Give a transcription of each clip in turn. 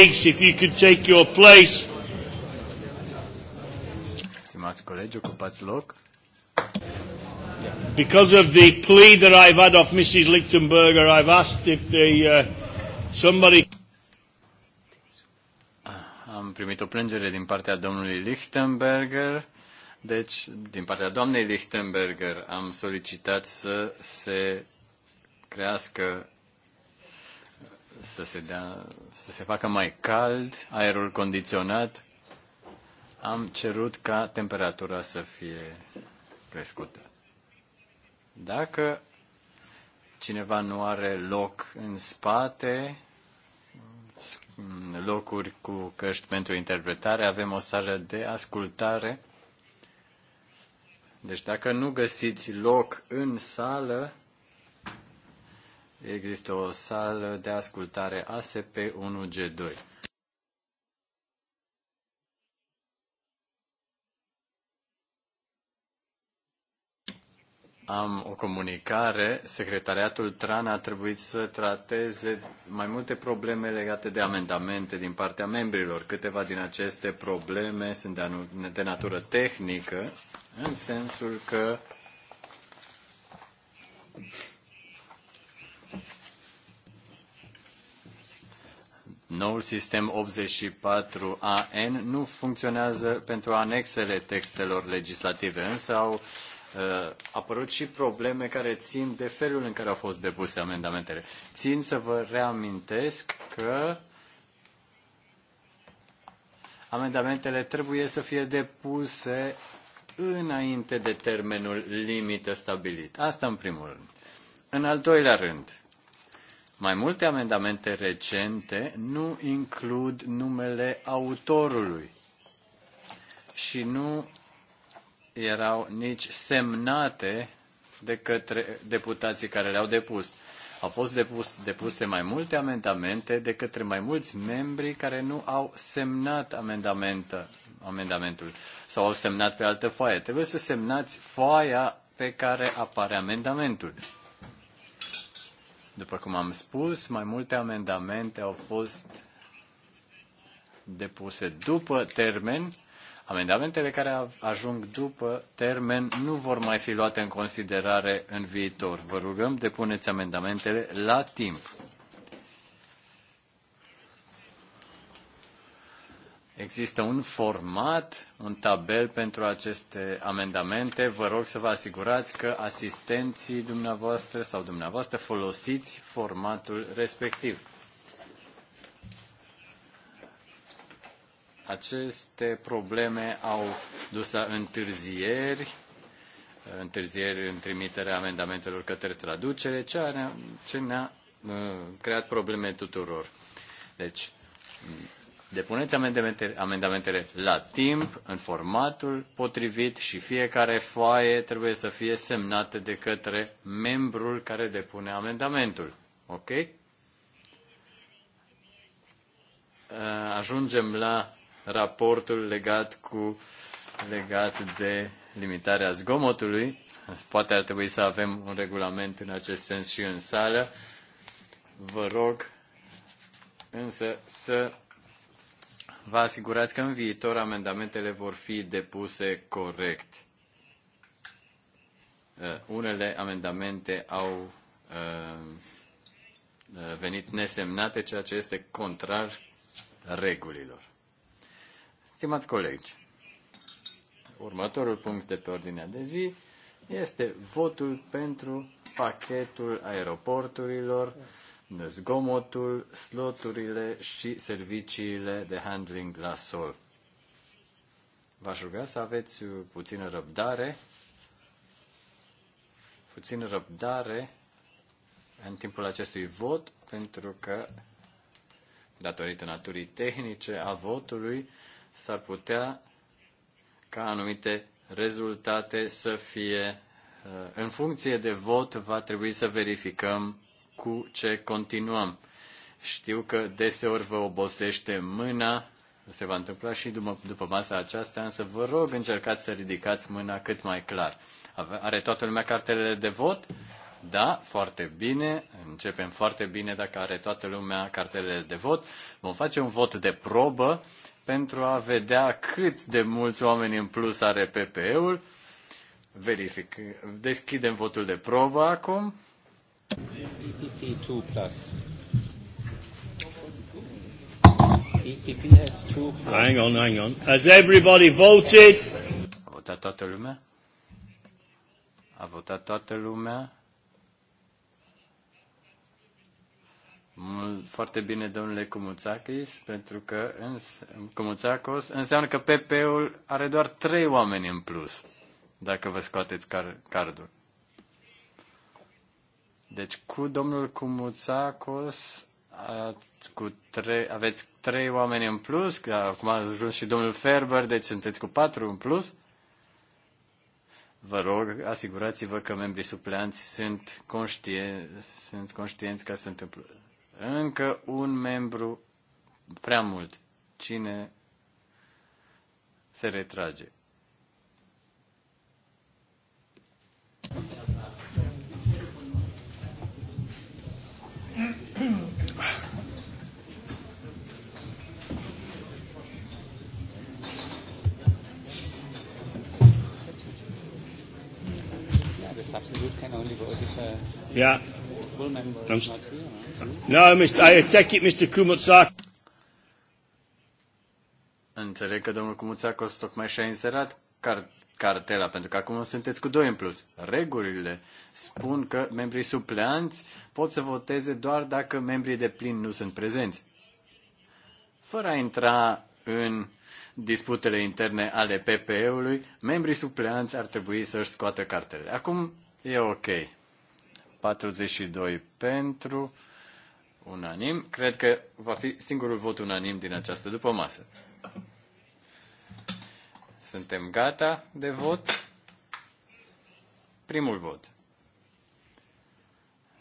colleagues, if you could take your place. Because of the plea that I've had off Mrs. Lichtenberger, I've asked if the, uh, somebody... Ah, am primit o plângere din partea domnului Lichtenberger. Deci, din partea doamnei Lichtenberger, am solicitat să se crească să se, dea, să se facă mai cald, aerul condiționat. Am cerut ca temperatura să fie crescută. Dacă cineva nu are loc în spate, locuri cu căști pentru interpretare, avem o sală de ascultare. Deci dacă nu găsiți loc în sală, există o sală de ascultare ASP1G2. Am o comunicare. Secretariatul TRAN a trebuit să trateze mai multe probleme legate de amendamente din partea membrilor. Câteva din aceste probleme sunt de, de natură tehnică, în sensul că Noul sistem 84AN nu funcționează pentru anexele textelor legislative, însă au uh, apărut și probleme care țin de felul în care au fost depuse amendamentele. Țin să vă reamintesc că amendamentele trebuie să fie depuse înainte de termenul limită stabilit. Asta în primul rând. În al doilea rând, mai multe amendamente recente nu includ numele autorului și nu erau nici semnate de către deputații care le-au depus. Au fost depus, depuse mai multe amendamente de către mai mulți membri care nu au semnat amendamentul sau au semnat pe altă foaie. Trebuie să semnați foaia pe care apare amendamentul. După cum am spus, mai multe amendamente au fost depuse după termen. Amendamentele care ajung după termen nu vor mai fi luate în considerare în viitor. Vă rugăm, depuneți amendamentele la timp. Există un format, un tabel pentru aceste amendamente. Vă rog să vă asigurați că asistenții dumneavoastră sau dumneavoastră folosiți formatul respectiv. Aceste probleme au dus la întârzieri, întârzieri în trimiterea amendamentelor către traducere, ce ne-a uh, creat probleme tuturor. Deci, Depuneți amendamente, amendamentele la timp, în formatul potrivit și fiecare foaie trebuie să fie semnată de către membrul care depune amendamentul. Ok? Uh, ajungem la raportul legat cu legat de limitarea zgomotului. Poate ar trebui să avem un regulament în acest sens și în sală. Vă rog însă să vă asigurați că în viitor amendamentele vor fi depuse corect. Uh, unele amendamente au uh, uh, venit nesemnate, ceea ce este contrar regulilor. Stimați colegi, următorul punct de pe ordinea de zi este votul pentru pachetul aeroporturilor zgomotul, sloturile și serviciile de handling la sol. V-aș ruga să aveți uh, puțină răbdare, puțină răbdare în timpul acestui vot, pentru că, datorită naturii tehnice a votului, s-ar putea ca anumite rezultate să fie. Uh, în funcție de vot, va trebui să verificăm cu ce continuăm. Știu că deseori vă obosește mâna, se va întâmpla și după, după masa aceasta, însă vă rog încercați să ridicați mâna cât mai clar. Are toată lumea cartelele de vot? Da, foarte bine. Începem foarte bine dacă are toată lumea cartelele de vot. Vom face un vot de probă pentru a vedea cât de mulți oameni în plus are PPE-ul. Verific. Deschidem votul de probă acum. Hang on, hang on. Has everybody voted? A votat toată lumea? A votat toată lumea? Foarte bine, domnule Cumuțacis, pentru că Cumuțacos înseamnă că PP-ul are doar trei oameni în plus, dacă vă scoateți car- cardul. Deci cu domnul Cumuțacos cu trei, aveți trei oameni în plus, că acum a ajuns și domnul Ferber, deci sunteți cu patru în plus. Vă rog, asigurați-vă că membrii supleanți sunt, conștien, sunt conștienți că sunt în plus. Încă un membru prea mult. Cine se retrage? Yeah. I'm st- no, Mr. I take it, Mr. Kumutsak. Înțeleg că domnul Kumutsakos tocmai și-a inserat card, cartela, pentru că acum sunteți cu doi în plus. Regulile spun că membrii supleanți pot să voteze doar dacă membrii de plin nu sunt prezenți. Fără a intra în disputele interne ale PPE-ului, membrii supleanți ar trebui să-și scoată cartele. Acum e ok. 42 pentru, unanim. Cred că va fi singurul vot unanim din această după masă. Suntem gata de vot? Primul vot.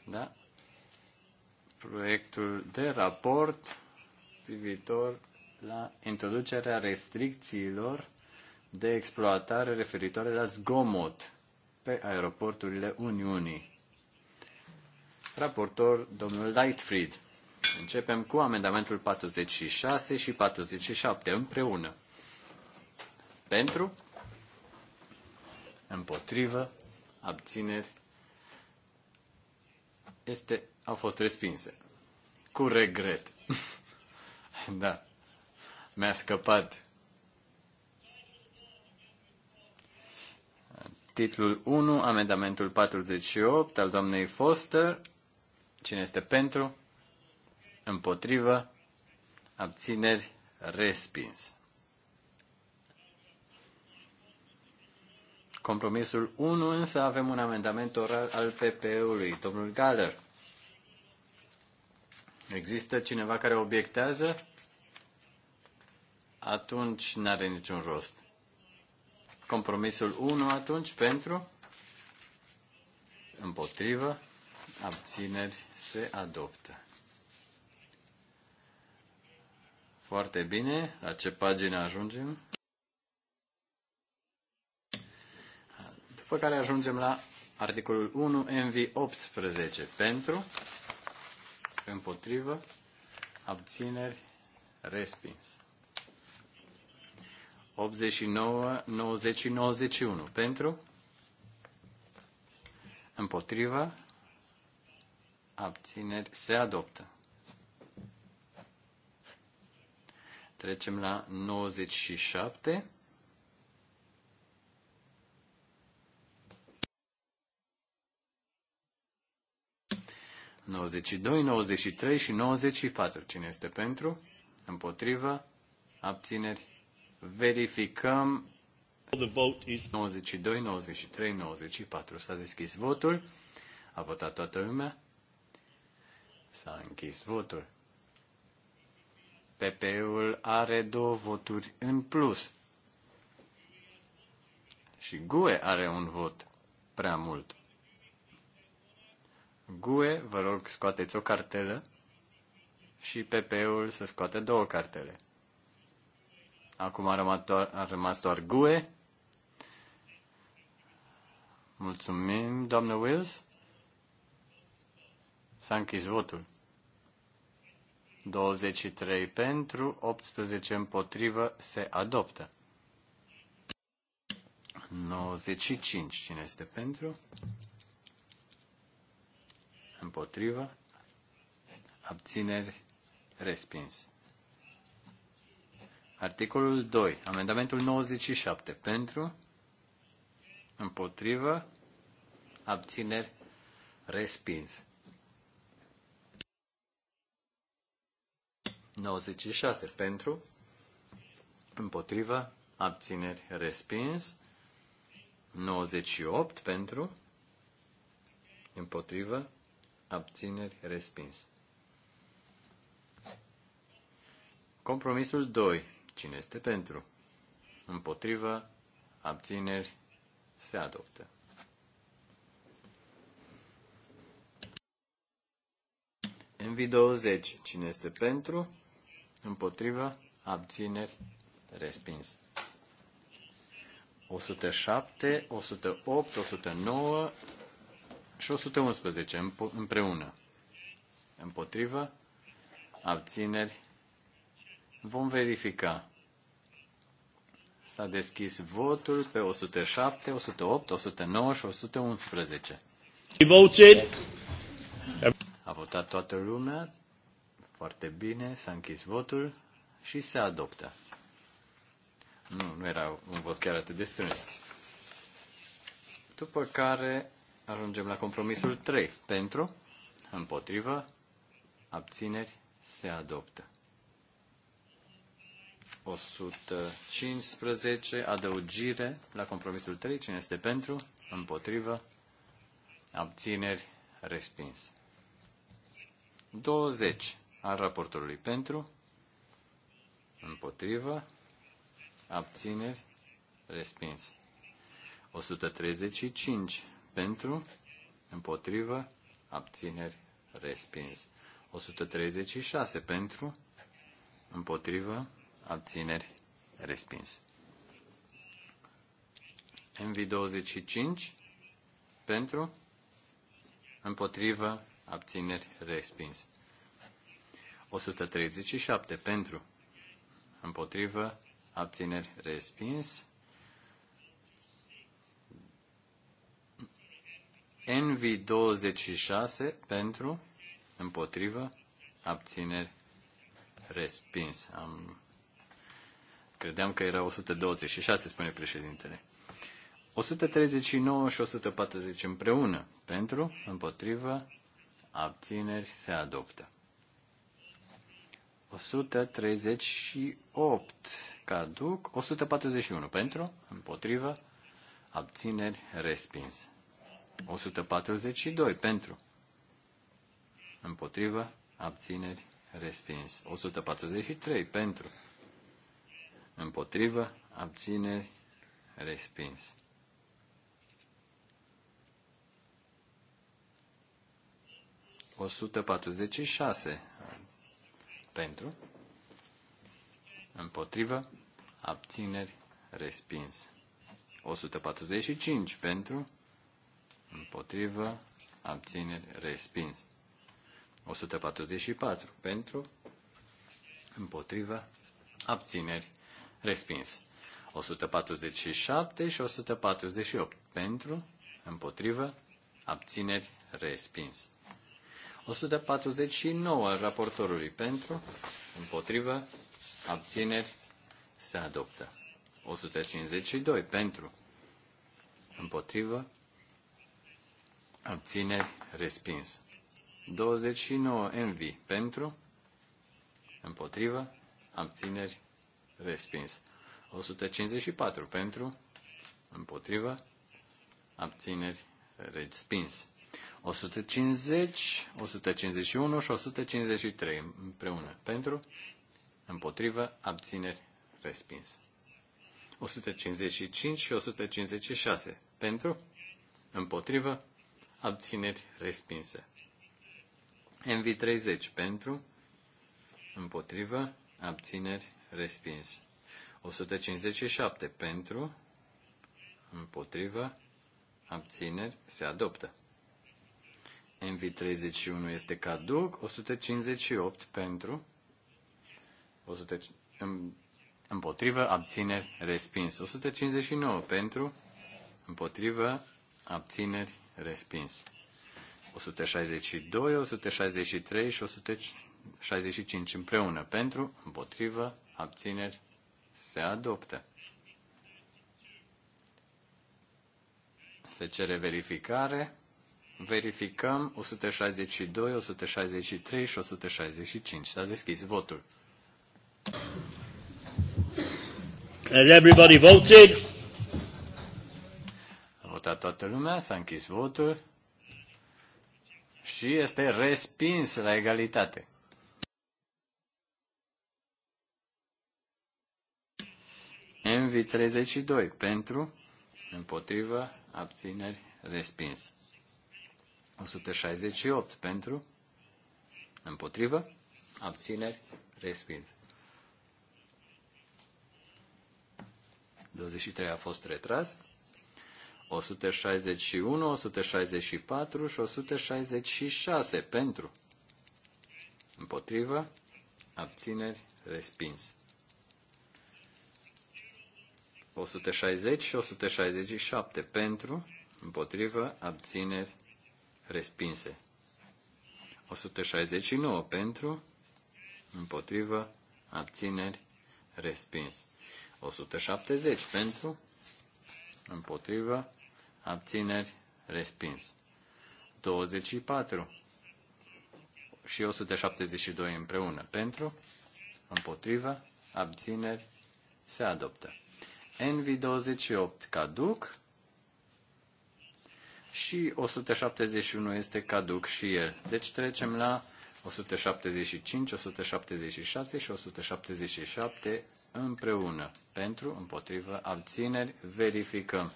Da? Proiectul de raport privitor la introducerea restricțiilor de exploatare referitoare la zgomot pe aeroporturile Uniunii. Raportor domnul Lightfried. Începem cu amendamentul 46 și 47 împreună. Pentru? Împotrivă? Abțineri? Este, au fost respinse. Cu regret. da. Mi-a scăpat Titlul 1, amendamentul 48 al doamnei Foster. Cine este pentru? Împotrivă? Abțineri? Respins. Compromisul 1 însă avem un amendament oral al PPE-ului, domnul Galler. Există cineva care obiectează? Atunci n-are niciun rost. Compromisul 1 atunci pentru? Împotrivă? Abțineri se adoptă. Foarte bine. La ce pagină ajungem? După care ajungem la articolul 1, MV18, pentru, împotrivă, abțineri, respins. 89, 90 91, pentru, împotrivă, abțineri, se adoptă. Trecem la 97 92, 93 și 94. Cine este pentru? Împotrivă? Abțineri? Verificăm. 92, 93, 94. S-a deschis votul. A votat toată lumea. S-a închis votul. PP-ul are două voturi în plus. Și GUE are un vot prea mult. GUE, vă rog, scoateți o cartelă și PP-ul să scoate două cartele. Acum a rămas doar, a rămas doar GUE. Mulțumim, doamnă Wills. S-a închis votul. 23 pentru, 18 împotrivă, se adoptă. 95, cine este pentru? împotrivă, abțineri, respins. Articolul 2, amendamentul 97, pentru, împotrivă, abțineri, respins. 96 pentru, împotrivă, abțineri, respins. 98 pentru, împotrivă, abțineri, respins. Compromisul 2. Cine este pentru? Împotrivă, abțineri, se adoptă. NV20. Cine este pentru? Împotrivă, abțineri, respins. 107, 108, 109 și 111 împreună. Împotrivă, abțineri, vom verifica. S-a deschis votul pe 107, 108, 109 și 111. Voted. A votat toată lumea, foarte bine, s-a închis votul și se adoptă. Nu, nu era un vot chiar atât de strâns. După care Ajungem la compromisul 3. Pentru, împotrivă, abțineri, se adoptă. 115, adăugire la compromisul 3. Cine este pentru, împotrivă, abțineri, respins. 20 al raportului pentru, împotrivă, abțineri, respins. 135 pentru, împotrivă, abțineri, respins. 136 pentru, împotrivă, abțineri, respins. MV25 pentru, împotrivă, abțineri, respins. 137 pentru, împotrivă, abțineri, respins. NV26 pentru, împotrivă, abțineri, respins. Am... Credeam că era 126, spune președintele. 139 și 140 împreună, pentru, împotrivă, abțineri, se adoptă. 138 caduc, 141 pentru, împotrivă, abțineri, respins. 142 pentru. Împotrivă, abțineri, respins. 143 pentru. Împotrivă, abțineri, respins. O șase pentru, împotrivă, abțineri, respins. cinci pentru, împotrivă, abțineri, respins. 144 pentru, împotrivă, abțineri, respins. 147 și 148 pentru, împotrivă, abțineri, respins. 149 raportorului pentru, împotrivă, abțineri, se adoptă. 152 pentru, împotrivă, abțineri, respins. 29 envy pentru, împotrivă, abțineri, respins. 154 pentru, împotrivă, abțineri, respins. 150, 151 și 153 împreună. Pentru, împotrivă, abțineri, respins. 155 și 156. Pentru, împotrivă, abțineri respinse. MV30 pentru, împotrivă, abțineri respinse. 157 pentru, împotrivă, abțineri se adoptă. MV31 este caduc, 158 pentru, 100, împotrivă, abțineri, respins. 159 pentru, împotrivă, abțineri, respins. 162, 163 și 165 împreună pentru, împotrivă, abțineri, se adoptă. Se cere verificare. Verificăm 162, 163 și 165. S-a deschis votul. Has everybody voted? votat toată lumea, s-a închis votul și este respins la egalitate. MV32 pentru, împotrivă, abțineri, respins. 168 pentru, împotrivă, abțineri, respins. 23 a fost retras. 161, 164 și 166 pentru. Împotrivă, abțineri, respins. 160 și 167 pentru, împotrivă, abțineri, respinse. 169 pentru, împotrivă, abțineri, respins. 170 pentru, împotrivă, abțineri, respins. 24 și 172 împreună pentru, împotrivă, abțineri, se adoptă. NV28 caduc și 171 este caduc și el. Deci trecem la 175, 176 și 177 împreună. Pentru, împotrivă, abțineri, verificăm.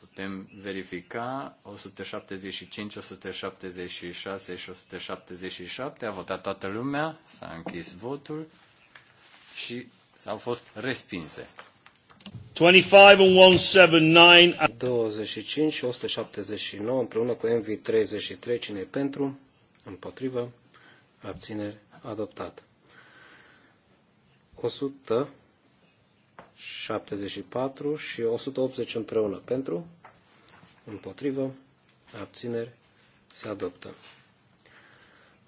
Putem verifica 175, 176 și 177. A votat toată lumea, s-a închis votul și s-au fost respinse. 25 179 25 și 179 împreună cu MV33 cine pentru, împotrivă, abțineri, adoptat. 100 74 și 180 împreună pentru, împotrivă, abțineri, se adoptă.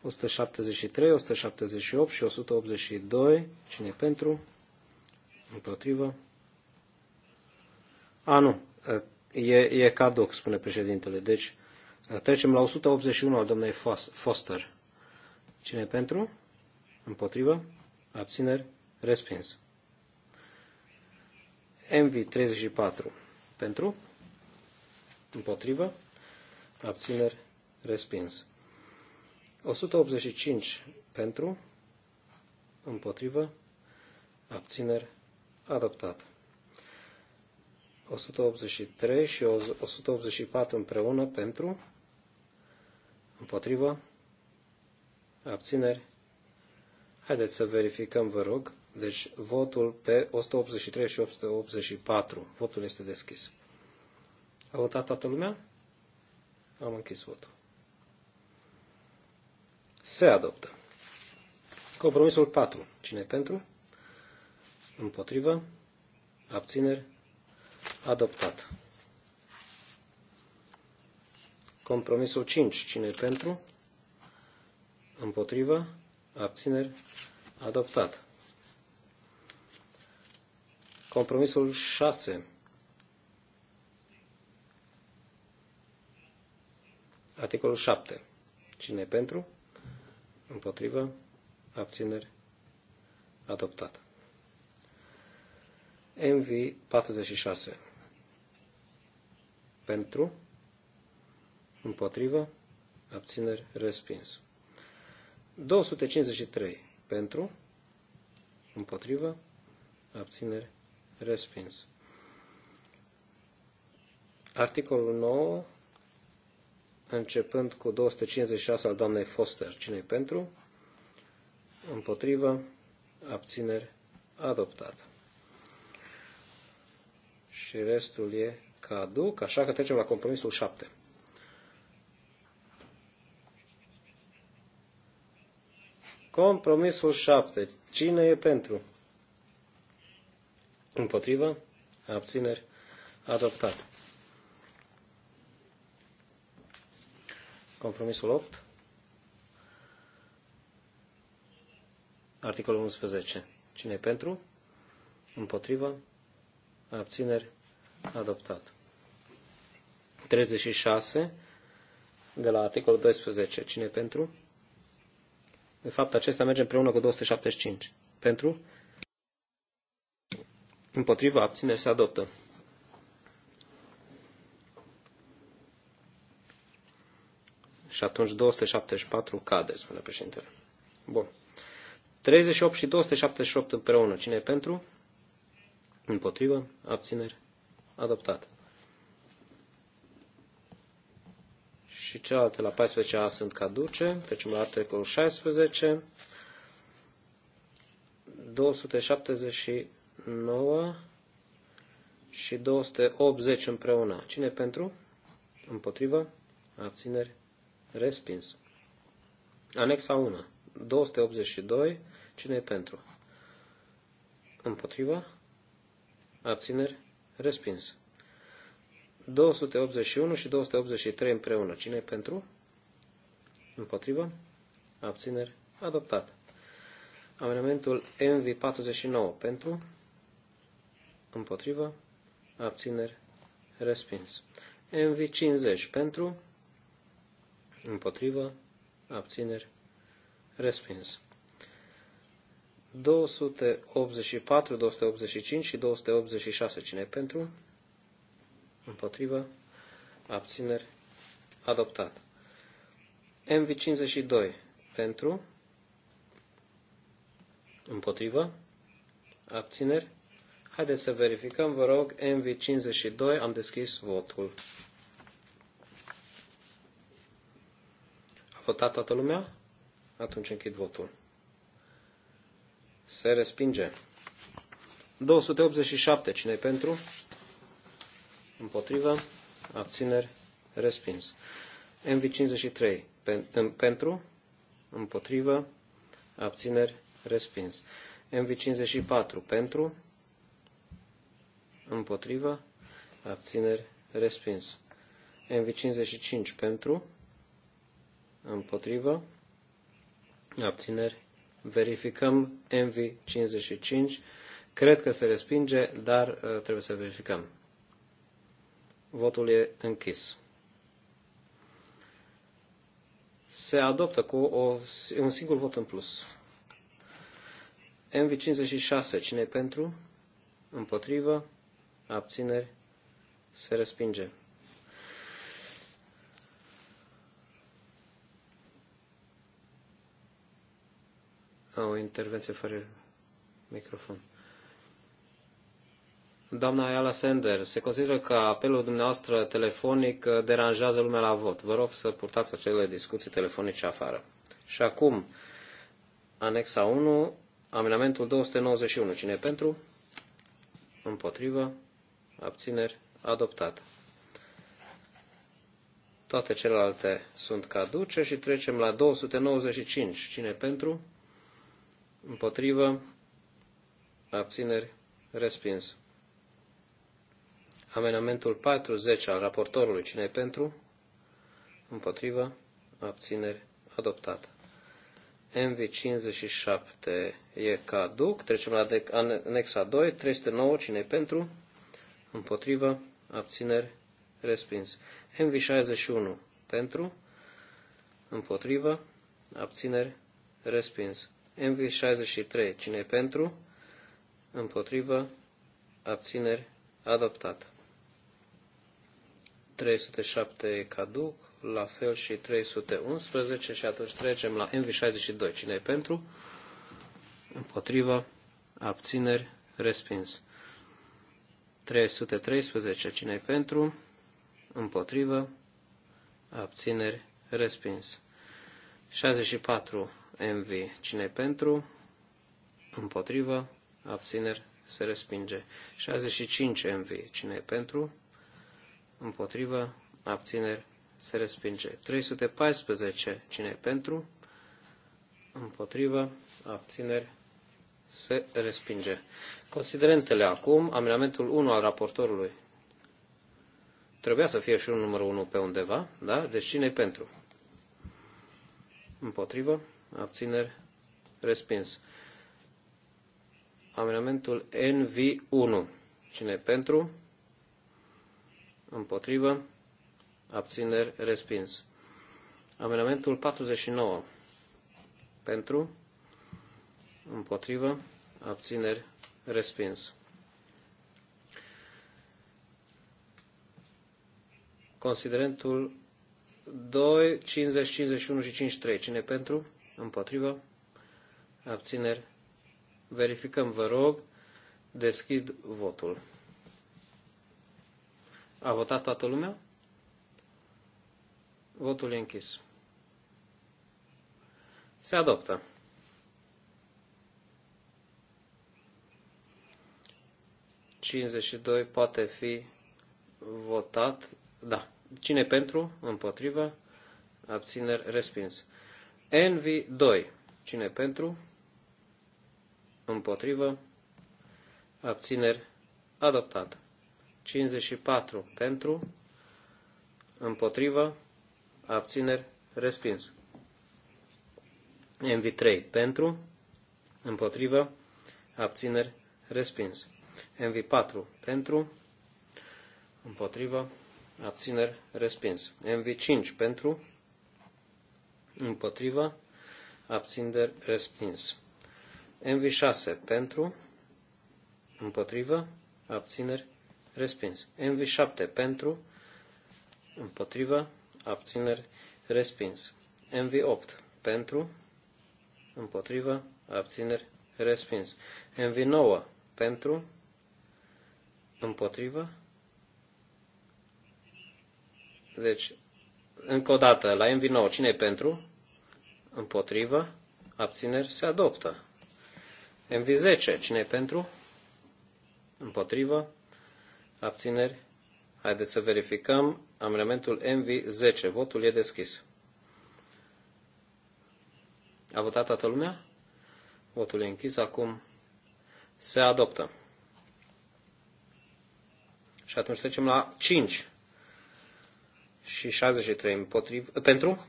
173, 178 și 182, cine pentru, împotrivă. A, nu, e, e caduc, spune președintele. Deci, trecem la 181 al domnului Foster. Cine pentru? Împotrivă? Abțineri? Respins. MV34 pentru, împotrivă, abțineri, respins. 185 pentru, împotrivă, abțineri, adoptat. 183 și 184 împreună pentru, împotrivă, abțineri. Haideți să verificăm, vă rog. Deci votul pe 183 și 184. Votul este deschis. A votat toată lumea? Am închis votul. Se adoptă. Compromisul 4. Cine pentru? Împotrivă? Abțineri? Adoptat. Compromisul 5. Cine pentru? Împotrivă? Abțineri? Adoptat. Compromisul 6. Articolul 7. Cine pentru? Împotrivă? Abțineri? Adoptat. MV 46. Pentru? Împotrivă? Abțineri? Respins. 253. Pentru? Împotrivă? Abțineri? respins. Articolul 9, începând cu 256 al doamnei Foster. cine pentru? Împotrivă, abțineri, adoptat. Și restul e caduc, așa că trecem la compromisul 7. Compromisul 7. Cine e pentru? Împotrivă. Abțineri. Adoptat. Compromisul 8. Articolul 11. Cine e pentru? Împotrivă? Abțineri? Adoptat. 36. De la articolul 12. Cine e pentru? De fapt, acesta merge împreună cu 275. Pentru? Împotriva abține se adoptă. Și atunci 274 cade, spune președintele. Bun. 38 și 278 împreună. Cine e pentru? Împotrivă, abțineri, adoptat. Și cealaltă la 14A sunt caduce. Trecem la articolul 16. 270 și 9 și 280 împreună. Cine pentru? Împotrivă? Abțineri? Respins. Anexa 1. 282. Cine e pentru? Împotrivă? Abțineri? Respins. 281 și 283 împreună. Cine e pentru? Împotrivă? Abțineri? Adoptat. Amendamentul MV49 pentru? împotrivă, abțineri, respins. MV50 pentru, împotrivă, abțineri, respins. 284, 285 și 286 cine pentru, împotrivă, abțineri, adoptat. MV52 pentru, împotrivă, abțineri, Haideți să verificăm, vă rog, MV52, am deschis votul. A votat toată lumea? Atunci închid votul. Se respinge. 287. Cine pentru? Împotrivă. Abțineri. Respins. MV53. Pentru. Împotrivă. Abțineri. Respins. MV54. Pentru împotriva, abțineri, respins. MV55 pentru, împotriva, abțineri, verificăm MV55. Cred că se respinge, dar uh, trebuie să verificăm. Votul e închis. Se adoptă cu o, un singur vot în plus. MV56, cine pentru? Împotrivă? abțineri, se respinge. A, o intervenție fără microfon. Doamna Ayala Sender, se consideră că apelul dumneavoastră telefonic uh, deranjează lumea la vot. Vă rog să purtați acele discuții telefonice afară. Și acum, anexa 1, amenamentul 291. Cine e pentru? Împotrivă? abțineri, adoptat. Toate celelalte sunt caduce și trecem la 295. Cine pentru? Împotrivă, abțineri, respins. Amenamentul 40 al raportorului. Cine pentru? Împotrivă, abțineri, adoptat. MV57 e caduc. Trecem la anexa 2, 309, cine pentru? împotriva, abțineri, respins. MV61 pentru, împotriva, abțineri, respins. MV63 cine pentru, împotriva, abțineri, adoptat. 307 caduc, la fel și 311 și atunci trecem la MV62. Cine e pentru? Împotriva, abțineri, respins. 313. cine pentru? Împotrivă. Abțineri. Respins. 64. MV. cine pentru? Împotrivă. Abțineri. Se respinge. 65. MV. cine pentru? Împotrivă. Abțineri. Se respinge. 314. cine pentru? Împotrivă. Abțineri se respinge. Considerentele acum, amendamentul 1 al raportorului. Trebuia să fie și un numărul 1 pe undeva, da? Deci cine pentru? Împotrivă, abțineri, respins. Amendamentul NV1. Cine pentru? Împotrivă, abțineri, respins. Amendamentul 49. Pentru? împotrivă, abțineri, respins. Considerentul 2, 50, 51 și 53. Cine pentru? Împotrivă? Abțineri? Verificăm, vă rog. Deschid votul. A votat toată lumea? Votul e închis. Se adoptă. 52 poate fi votat. Da. Cine pentru? Împotrivă. Abțineri respins. nv 2. Cine pentru? Împotrivă. Abțineri adoptat. 54 pentru. Împotrivă. Abțineri respins. nv 3 pentru. Împotrivă. Abțineri respins. MV4 pentru, împotrivă, abțineri, respins. MV5 pentru, împotrivă, abțineri, respins. MV6 pentru, împotrivă, abțineri, respins. MV7 pentru, împotrivă, abțineri, respins. MV8 pentru, împotrivă, abțineri, respins. MV9 pentru, Împotrivă? Deci, încă o dată, la MV9, cine e pentru? Împotrivă? Abțineri se adoptă. MV10, cine e pentru? Împotrivă? Abțineri? Haideți să verificăm amendamentul MV10. Votul e deschis. A votat toată lumea? Votul e închis. Acum se adoptă. Și atunci trecem la 5 și 63 împotriv, pentru.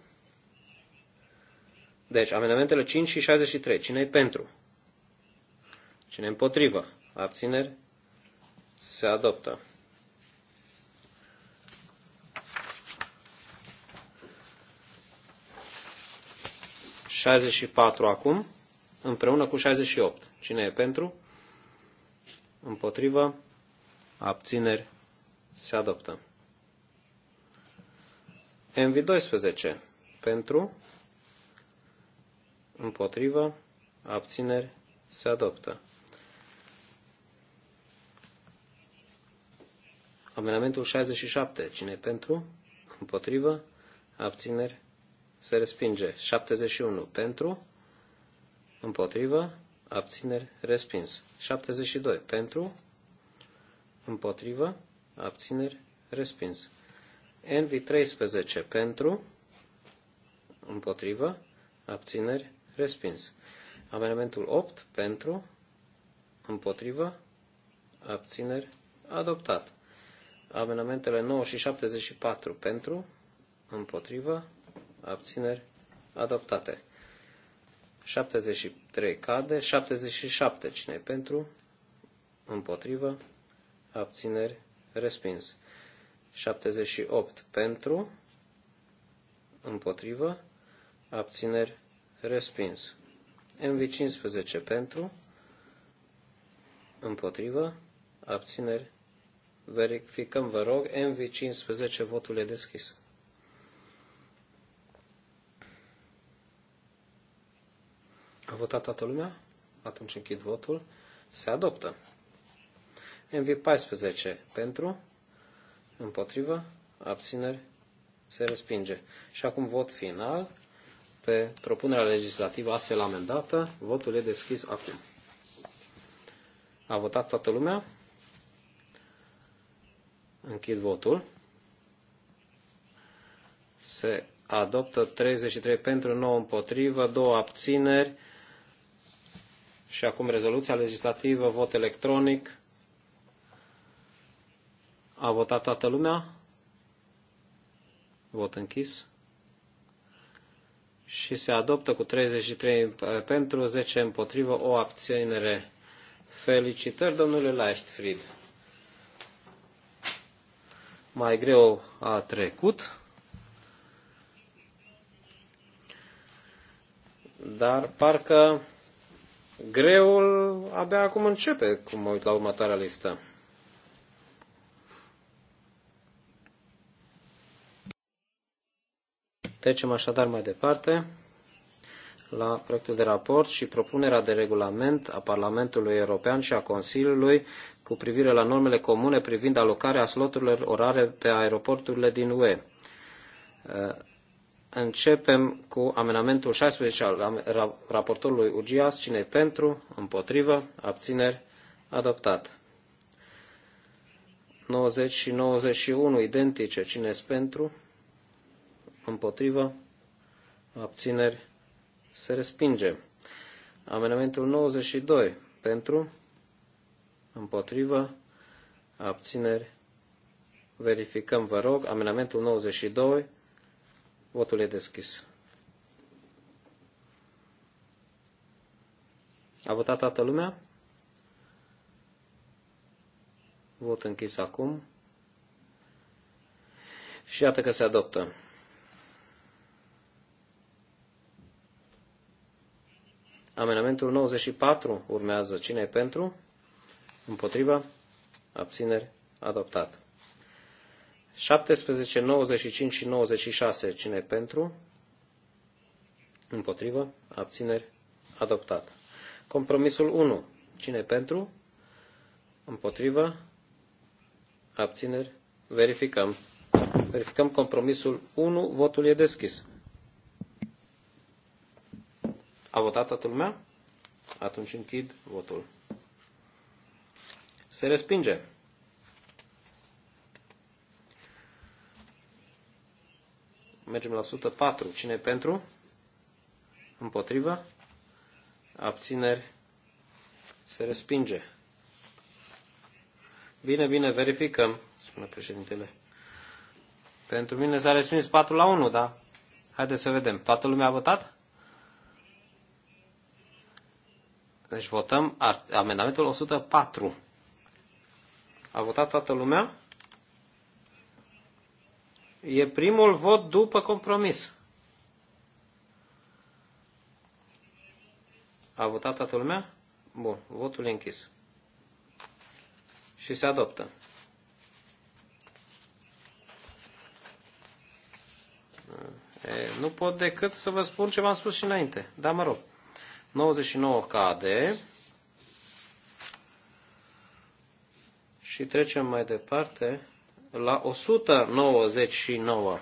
Deci, amendamentele 5 și 63. Cine e pentru? Cine e împotrivă? Abțineri? Se adoptă. și patru acum, împreună cu 68. Cine e pentru? Împotrivă? abțineri, se adoptă. MV12 pentru, împotrivă, abțineri, se adoptă. Amendamentul 67, cine pentru, împotrivă, abțineri, se respinge. 71 pentru, împotrivă, abțineri, respins. 72 pentru, împotrivă, abțineri, respins. nv 13 pentru, împotrivă, abțineri, respins. Amendamentul 8 pentru, împotrivă, abțineri, adoptat. Amendamentele 9 și 74 pentru, împotrivă, abțineri, adoptate. 73 cade, 77 cine pentru, împotrivă, abțineri, respins. 78 pentru, împotrivă, abțineri, respins. MV15 pentru, împotrivă, abțineri, verificăm, vă rog, MV15, votul e deschis. A votat toată lumea? Atunci închid votul. Se adoptă. MV14 pentru, împotrivă, abțineri, se respinge. Și acum vot final pe propunerea legislativă astfel amendată. Votul e deschis acum. A votat toată lumea? Închid votul. Se adoptă 33 pentru, 9 împotrivă, 2 abțineri. Și acum rezoluția legislativă, vot electronic. A votat toată lumea? Vot închis. Și se adoptă cu 33 uh, pentru, 10 împotrivă, o abținere. Felicitări, domnule Leichtfried. Mai greu a trecut. Dar parcă greul abia acum începe, cum mă uit la următoarea listă. Trecem așadar mai departe la proiectul de raport și propunerea de regulament a Parlamentului European și a Consiliului cu privire la normele comune privind alocarea sloturilor orare pe aeroporturile din UE. Eh, începem cu amenamentul 16 al raportorului UGIAS. Cine pentru? Împotrivă? Abțineri? Adoptat. 90 și 91 identice. Cine pentru? împotrivă, abțineri, se respinge. Amendamentul 92 pentru, împotrivă, abțineri, verificăm, vă rog, amendamentul 92, votul e deschis. A votat toată lumea? Vot închis acum. Și iată că se adoptă. Amenamentul 94 urmează. Cine e pentru? Împotriva? Abțineri? Adoptat. 17, 95 și 96. Cine e pentru? Împotrivă? Abțineri? Adoptat. Compromisul 1. Cine e pentru? Împotrivă? Abțineri? Verificăm. Verificăm compromisul 1. Votul e deschis. A votat toată lumea? Atunci închid votul. Se respinge. Mergem la 104. Cine pentru? Împotrivă? Abțineri? Se respinge. Bine, bine, verificăm, spune președintele. Pentru mine s-a respins 4 la 1, da? Haideți să vedem. Toată lumea a votat? Deci votăm amendamentul 104. A votat toată lumea? E primul vot după compromis. A votat toată lumea? Bun, votul e închis. Și se adoptă. E, nu pot decât să vă spun ce v-am spus și înainte. Da, mă rog. 99 cade și trecem mai departe la 199.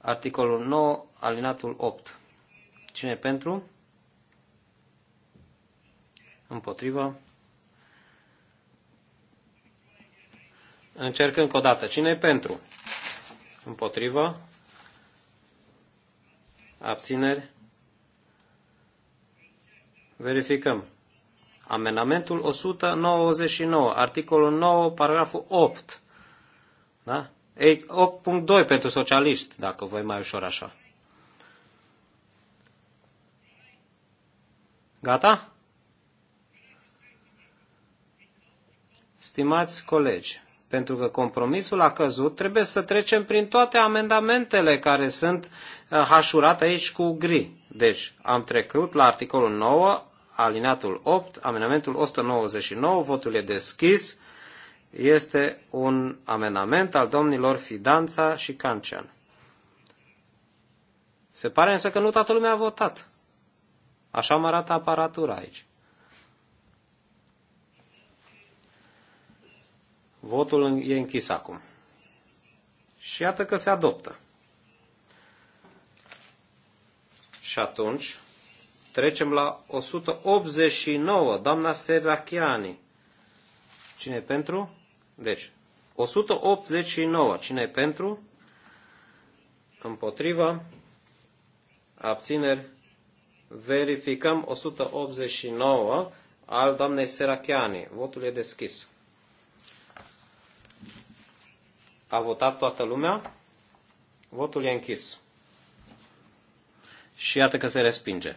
Articolul 9, alinatul 8. Cine pentru? Împotriva. Încerc încă o dată. Cine e pentru? Împotriva. Abțineri. Verificăm. Amendamentul 199, articolul 9, paragraful 8. Da? 8.2 pentru socialist. dacă voi mai ușor așa. Gata? Stimați colegi, pentru că compromisul a căzut, trebuie să trecem prin toate amendamentele care sunt uh, hașurate aici cu gri. Deci, am trecut la articolul 9, alineatul 8, amendamentul 199, votul e deschis, este un amendament al domnilor Fidanța și Cancian. Se pare însă că nu toată lumea a votat. Așa mă arată aparatura aici. Votul e închis acum. Și iată că se adoptă. Și atunci, Trecem la 189, doamna Serachiani. Cine e pentru? Deci, 189. Cine e pentru? Împotriva? Abțineri? Verificăm 189 al doamnei Serachiani. Votul e deschis. A votat toată lumea? Votul e închis. Și iată că se respinge.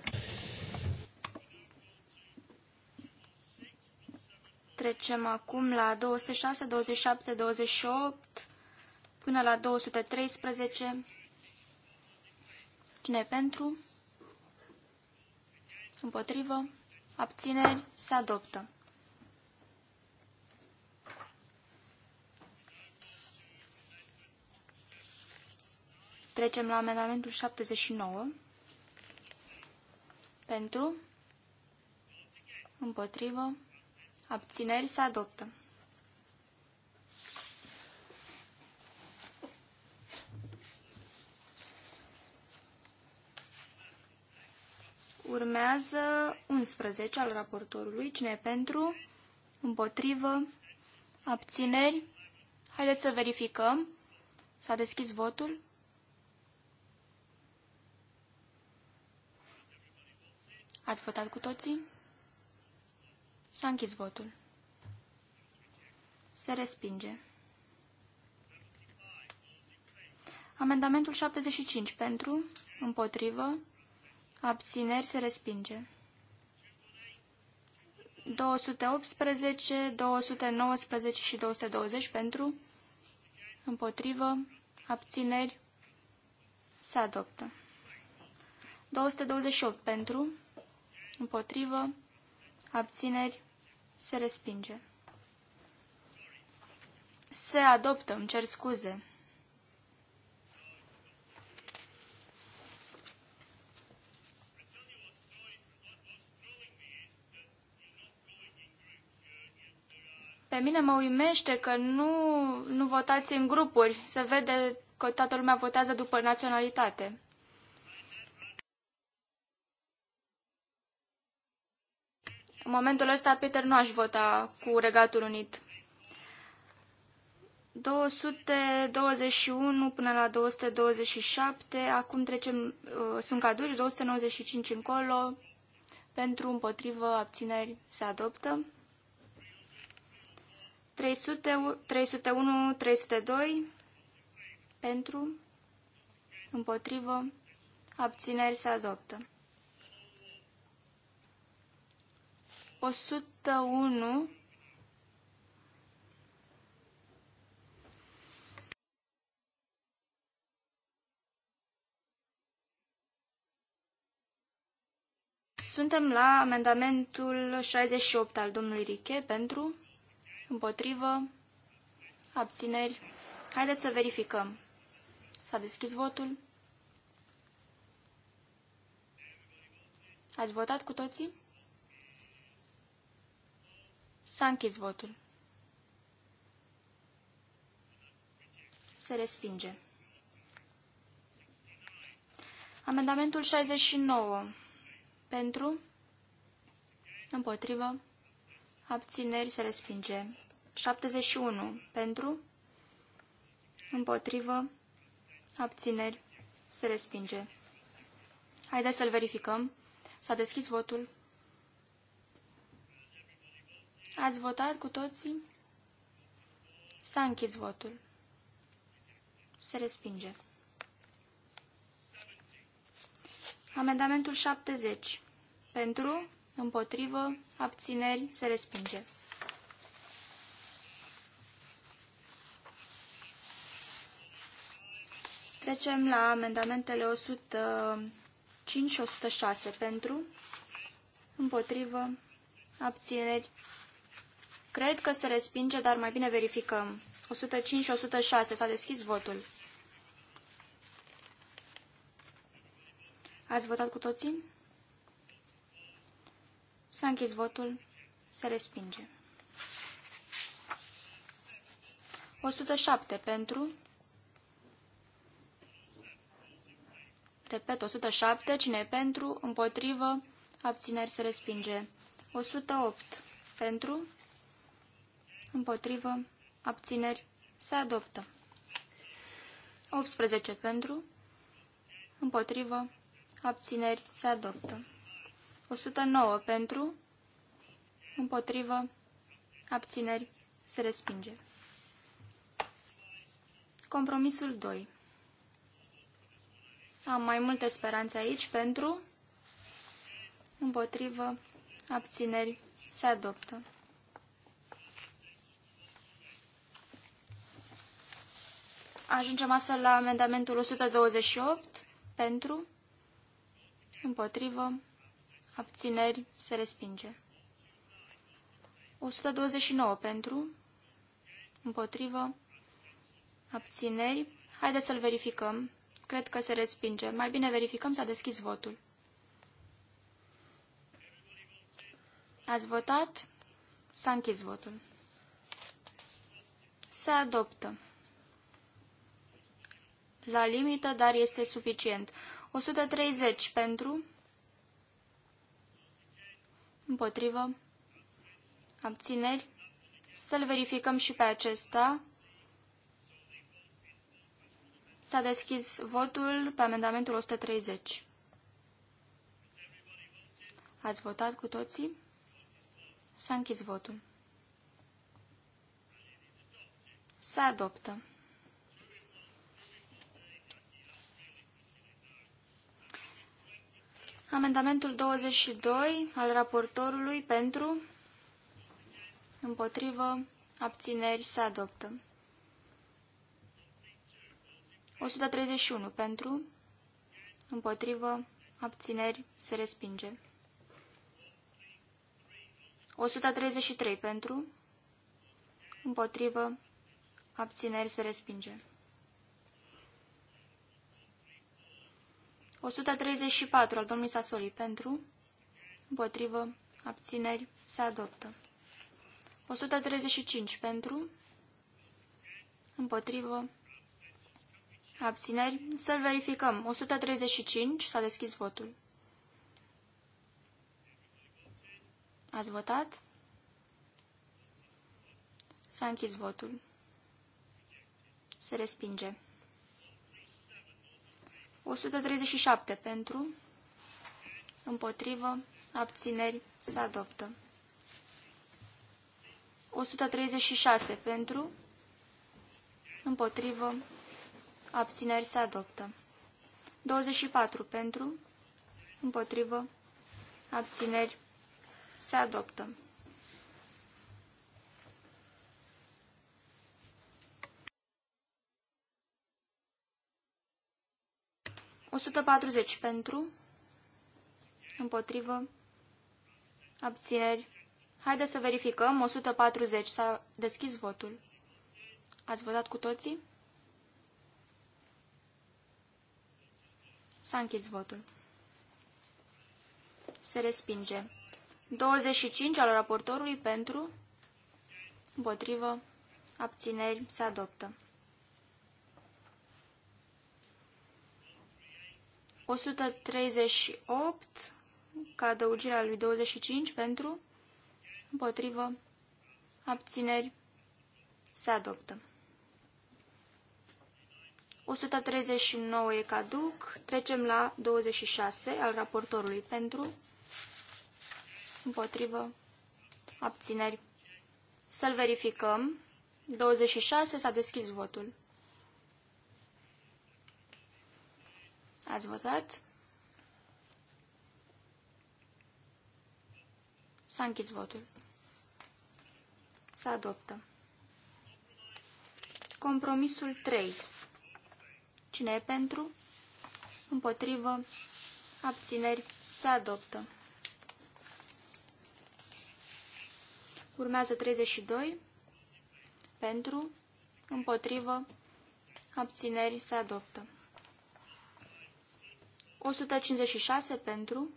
Trecem acum la 206, 27, 28 până la 213. Cine pentru? Împotrivă? Abțineri? Se adoptă. Trecem la amendamentul 79. Pentru? Împotrivă? Abțineri se adoptă. Urmează 11 al raportorului. Cine e pentru? Împotrivă? Abțineri? Haideți să verificăm. S-a deschis votul. Ați votat cu toții? S-a închis votul. Se respinge. Amendamentul 75 pentru, împotrivă, abțineri se respinge. 218, 219 și 220 pentru, împotrivă, abțineri se adoptă. 228 pentru, împotrivă, abțineri se respinge. Se adoptă, îmi cer scuze. Pe mine mă uimește că nu, nu votați în grupuri. Se vede că toată lumea votează după naționalitate. În momentul ăsta, Peter nu aș vota cu Regatul Unit. 221 până la 227, acum trecem, uh, sunt caduci, 295 încolo, pentru, împotrivă, abțineri se adoptă. 300, 301, 302, pentru, împotrivă, abțineri se adoptă. 101 Suntem la amendamentul 68 al domnului Riche pentru, împotrivă, abțineri. Haideți să verificăm. S-a deschis votul. Ați votat cu toții? S-a închis votul. Se respinge. Amendamentul 69. Pentru. Împotrivă. Abțineri se respinge. 71. Pentru. Împotrivă. Abțineri se respinge. Haideți să-l verificăm. S-a deschis votul. Ați votat cu toții? S-a închis votul. Se respinge. Amendamentul 70. Pentru, împotrivă, abțineri, se respinge. Trecem la amendamentele 105 și 106. Pentru, împotrivă, abțineri, Cred că se respinge, dar mai bine verificăm. 105 și 106. S-a deschis votul. Ați votat cu toții? S-a închis votul. Se respinge. 107 pentru... Repet, 107. Cine e pentru? Împotrivă? Abțineri se respinge. 108 pentru împotrivă, abțineri, se adoptă. 18 pentru, împotrivă, abțineri, se adoptă. 109 pentru, împotrivă, abțineri, se respinge. Compromisul 2. Am mai multe speranțe aici pentru, împotrivă, abțineri, se adoptă. Ajungem astfel la amendamentul 128 pentru, împotrivă, abțineri, se respinge. 129 pentru, împotrivă, abțineri. Haideți să-l verificăm. Cred că se respinge. Mai bine verificăm, s-a deschis votul. Ați votat? S-a închis votul. Se adoptă la limită, dar este suficient. 130 pentru, împotrivă, abțineri. Să-l verificăm și pe acesta. S-a deschis votul pe amendamentul 130. Ați votat cu toții? S-a închis votul. Se adoptă. Amendamentul 22 al raportorului pentru, împotrivă, abțineri se adoptă. 131 pentru, împotrivă, abțineri se respinge. 133 pentru, împotrivă, abțineri se respinge. 134 al domnului Sasoli pentru, împotrivă, abțineri, se adoptă. 135 pentru, împotrivă, abțineri, să-l verificăm. 135, s-a deschis votul. Ați votat? S-a închis votul. Se respinge. 137 pentru, împotrivă, abțineri, se adoptă. 136 pentru, împotrivă, abțineri, se adoptă. 24 pentru, împotrivă, abțineri, se adoptă. 140 pentru, împotrivă, abțineri. Haideți să verificăm. 140. S-a deschis votul. Ați votat cu toții? S-a închis votul. Se respinge. 25 al raportorului pentru, împotrivă, abțineri, se adoptă. 138 ca adăugirea lui 25 pentru, împotrivă, abțineri, se adoptă. 139 e caduc, trecem la 26 al raportorului pentru, împotrivă, abțineri. Să-l verificăm. 26 s-a deschis votul. Ați votat? S-a închis votul. Să adoptă. Compromisul 3. Cine e pentru? Împotrivă? Abțineri? să adoptă. Urmează 32. Pentru? Împotrivă? Abțineri? să adoptă. 156 pentru,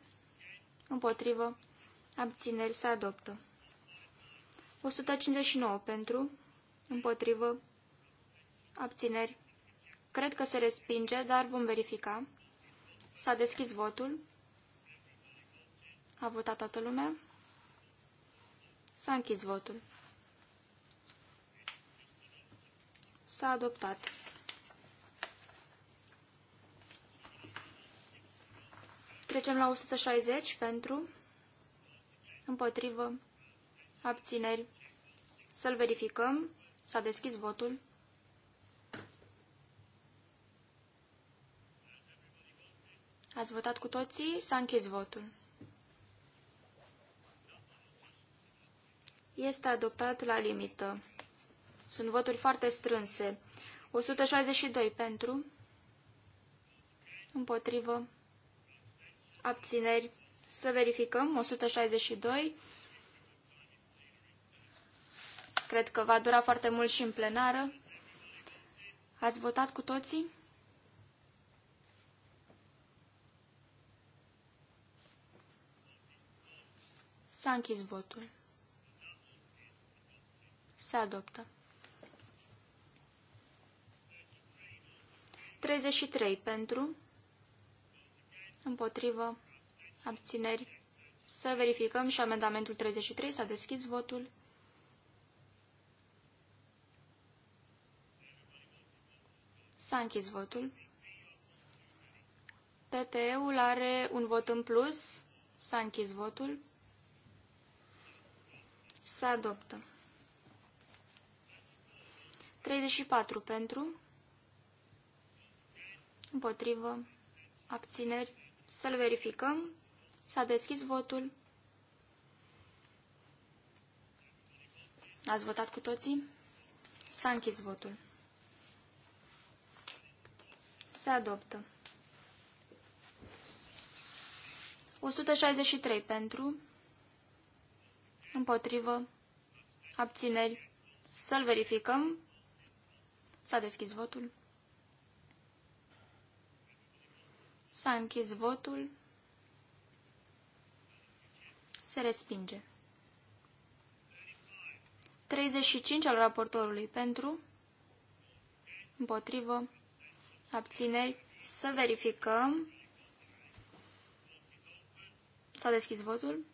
împotrivă, abțineri se adoptă. 159 pentru, împotrivă, abțineri. Cred că se respinge, dar vom verifica. S-a deschis votul. A votat toată lumea. S-a închis votul. S-a adoptat. Trecem la 160 pentru, împotrivă, abțineri. Să-l verificăm. S-a deschis votul. Ați votat cu toții? S-a închis votul. Este adoptat la limită. Sunt voturi foarte strânse. 162 pentru, împotrivă, abțineri. Să verificăm. 162. Cred că va dura foarte mult și în plenară. Ați votat cu toții? S-a închis votul. Se adoptă. 33 pentru, împotrivă, abțineri. Să verificăm și amendamentul 33. S-a deschis votul. S-a închis votul. PPE-ul are un vot în plus. S-a închis votul. Se adoptă. 34 pentru. Împotrivă. Abțineri. Să-l verificăm. S-a deschis votul. Ați votat cu toții? S-a închis votul. Se adoptă. 163 pentru, împotrivă, abțineri. Să-l verificăm. S-a deschis votul. S-a închis votul. Se respinge. 35 al raportorului pentru, împotrivă, abțineri. Să verificăm. S-a deschis votul.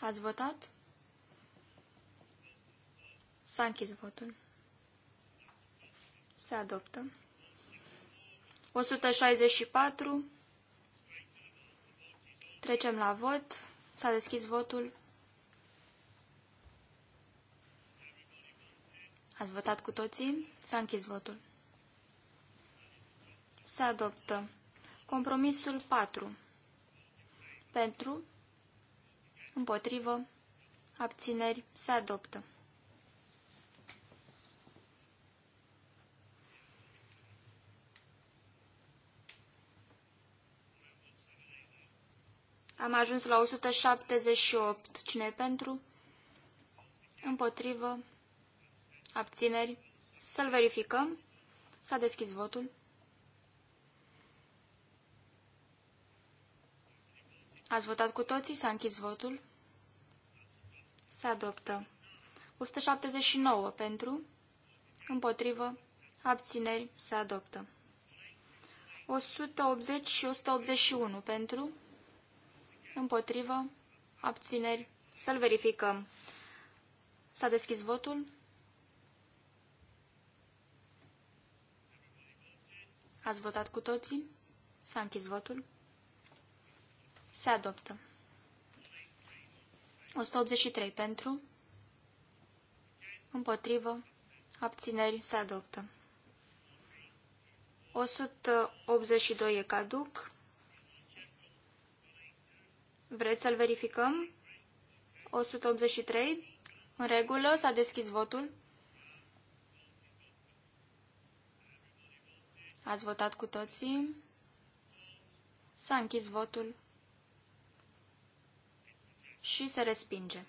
Ați votat? S-a închis votul. Se adoptă. 164. Trecem la vot. S-a deschis votul. Ați votat cu toții? S-a închis votul. Se adoptă. Compromisul 4. Pentru, împotrivă, abțineri, se adoptă. Am ajuns la 178. Cine pentru? Împotrivă. Abțineri. Să-l verificăm. S-a deschis votul. Ați votat cu toții? S-a închis votul. Se adoptă. 179 pentru, împotrivă, abțineri, se adoptă. 180 și 181 pentru, împotrivă, abțineri, să-l verificăm. S-a deschis votul. Ați votat cu toții? S-a închis votul. Se adoptă. 183 pentru, împotrivă, abțineri, se adoptă. 182 e caduc, Vreți să-l verificăm? 183. În regulă, s-a deschis votul. Ați votat cu toții. S-a închis votul. Și se respinge. ...184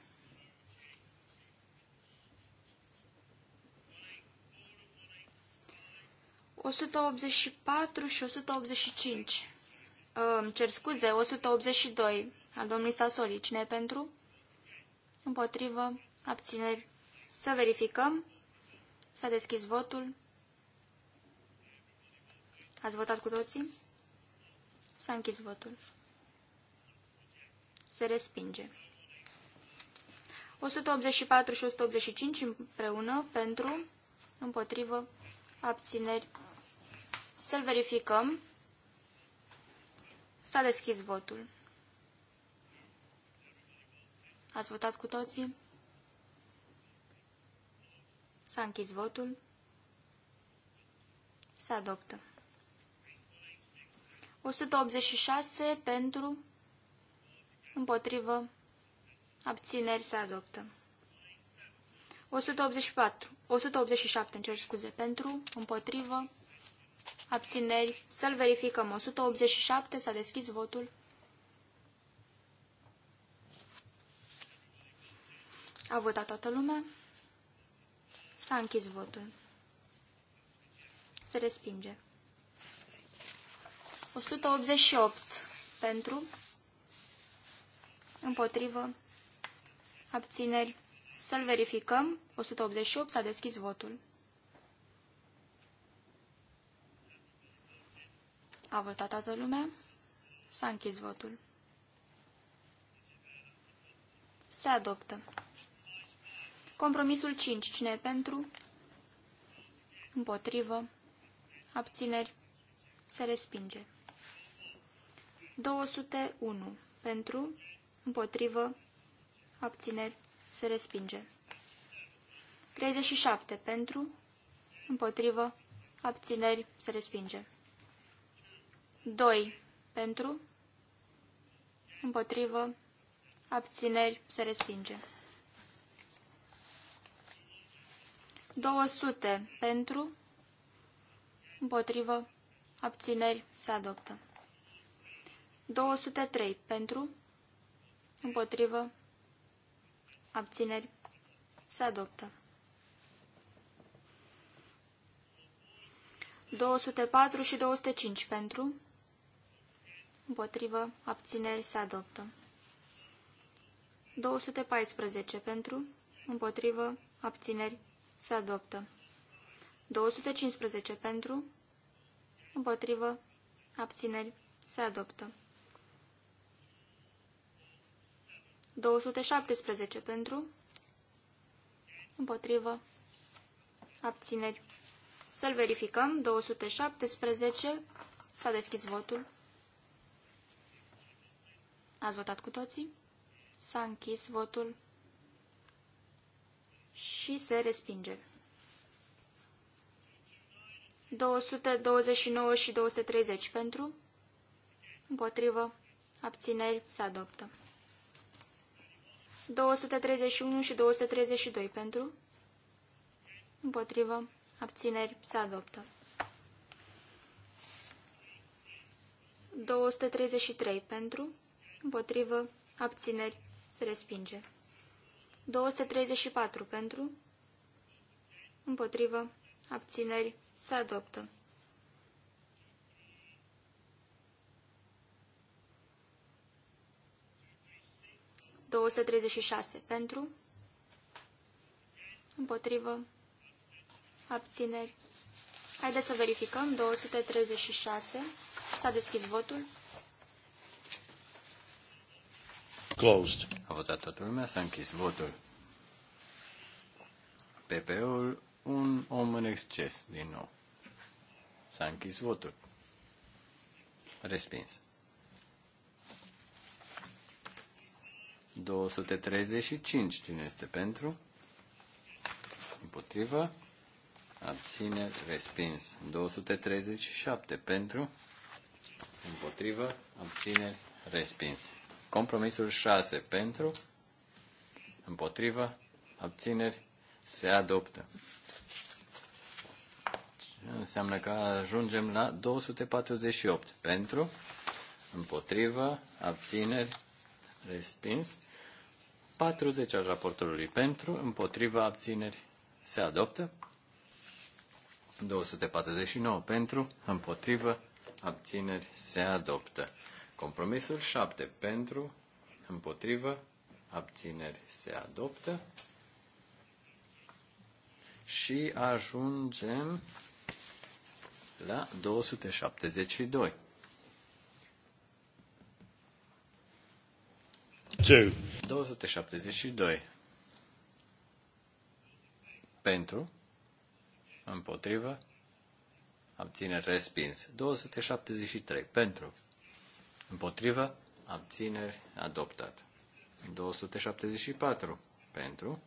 și 185. Îmi cer scuze, 182 al domnului Sasoli. Cine pentru? Împotrivă. Abțineri. Să verificăm. S-a deschis votul. Ați votat cu toții? S-a închis votul. Se respinge. 184 și 185 împreună pentru, împotrivă, abțineri. Să-l verificăm. S-a deschis votul. Ați votat cu toții? S-a închis votul. Se adoptă. 186 pentru, împotrivă, abțineri se adoptă. 184, 187, încerc scuze, pentru, împotrivă, abțineri, să-l verificăm. 187, s-a deschis votul. A votat toată lumea? S-a închis votul. Se respinge. 188 pentru, împotrivă, abțineri. Să-l verificăm. 188 s-a deschis votul. A votat toată lumea? S-a închis votul. Se adoptă. Compromisul 5. Cine e pentru? Împotrivă. Abțineri. Se respinge. 201. Pentru. Împotrivă. Abțineri. Se respinge. 37. Pentru. Împotrivă. Abțineri. Se respinge. 2. Pentru. Împotrivă. Abțineri. Se respinge. 200 pentru, împotrivă, abțineri, se adoptă. 203 pentru, împotrivă, abțineri, se adoptă. 204 și 205 pentru, împotrivă, abțineri, se adoptă. 214 pentru, împotrivă, abțineri, se adoptă. 215 pentru, împotrivă, abțineri, se adoptă. 217 pentru, împotrivă, abțineri. Să-l verificăm. 217, s-a deschis votul. Ați votat cu toții? S-a închis votul și se respinge. 229 și 230 pentru, împotrivă, abțineri, se adoptă. 231 și 232 pentru, împotrivă, abțineri, se adoptă. 233 pentru, împotrivă, abțineri, se respinge. 234 pentru, împotrivă, abțineri, se adoptă. ...236 pentru, împotrivă, abțineri. Haideți să verificăm, 236, s-a deschis votul. closed. A votat toată lumea, s-a închis votul. PP-ul, un om în exces, din nou. S-a închis votul. Respins. 235. Cine este pentru? Împotrivă. Abține, Respins. 237. Pentru. Împotrivă. abține, Respins. Compromisul 6 pentru, împotrivă, abțineri, se adoptă. Înseamnă că ajungem la 248 pentru, împotrivă, abțineri, respins. 40 al raportorului pentru, împotriva abțineri, se adoptă. 249 pentru, împotrivă, abțineri, se adoptă. Compromisul 7 pentru, împotrivă, abțineri se adoptă și ajungem la 272. Ce? 272. Pentru, împotrivă, abține respins. 273. Pentru, Împotrivă. Abțineri. Adoptat. 274. Pentru.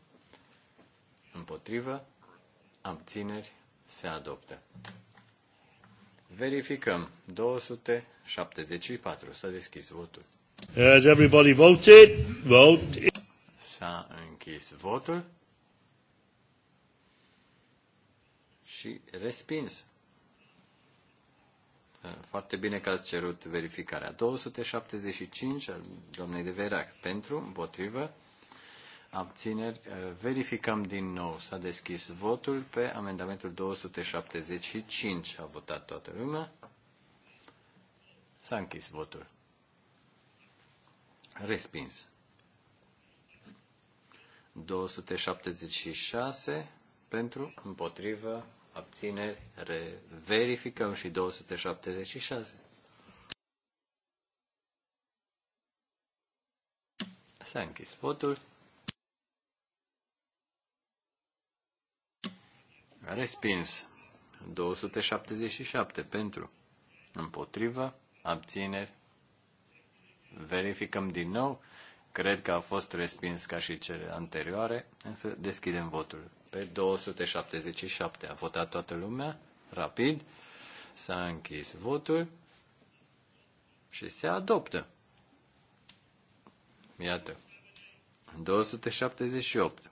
Împotrivă. Abțineri. Se adoptă. Verificăm. 274. S-a deschis votul. Has everybody voted? Vote. S-a închis votul. Și respins. Foarte bine că ați cerut verificarea. 275 al domnei de Verac. Pentru, împotrivă, abțineri. Eh, verificăm din nou. S-a deschis votul pe amendamentul 275. A votat toată lumea. S-a închis votul. Respins. 276 pentru, împotrivă, abțineri, verificăm și 276. S-a închis votul. Respins. 277 pentru. Împotrivă. Abțineri. Verificăm din nou. Cred că a fost respins ca și cele anterioare, însă deschidem votul pe 277. A votat toată lumea? Rapid. S-a închis votul și se adoptă. Iată. 278.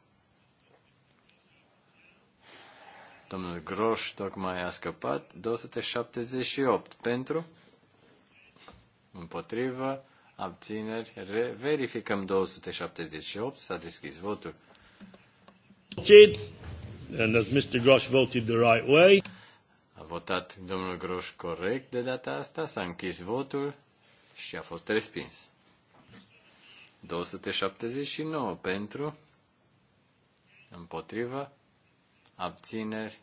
Domnul Groș tocmai a scăpat. 278 pentru, împotrivă, abțineri, verificăm 278, s-a deschis votul. And as Mr. Grosh voted the right way. A votat domnul Groș corect de data asta, s-a închis votul și a fost respins. 279 pentru, împotrivă, abțineri.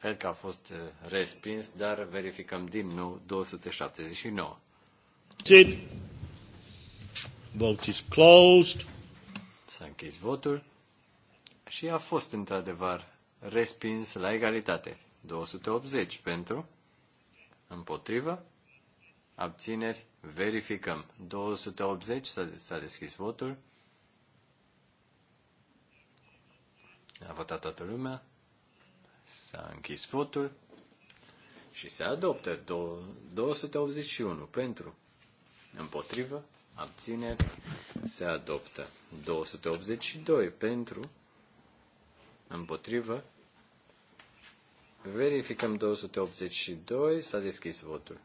Cred că a fost uh, respins, dar verificăm din nou 279. Vote is closed. S-a închis votul și a fost într-adevăr respins la egalitate. 280 pentru, împotrivă, abțineri, verificăm. 280 s-a deschis votul. A votat toată lumea. S-a închis votul și se adoptă 281 pentru, împotrivă, abțineri, se adoptă. 282 pentru, împotrivă, verificăm 282, s-a deschis votul.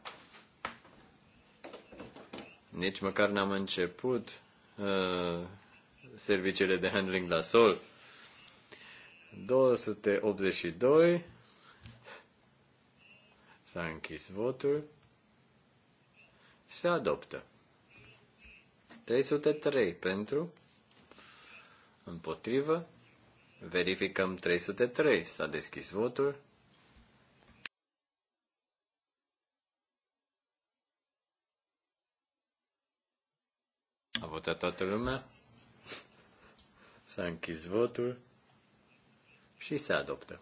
Nici măcar n-am început uh, serviciile de handling la sol. 282. S-a închis votul. Se adoptă. 303 pentru, împotrivă, verificăm 303, s-a deschis votul. A votat toată lumea, s-a închis votul și se adoptă.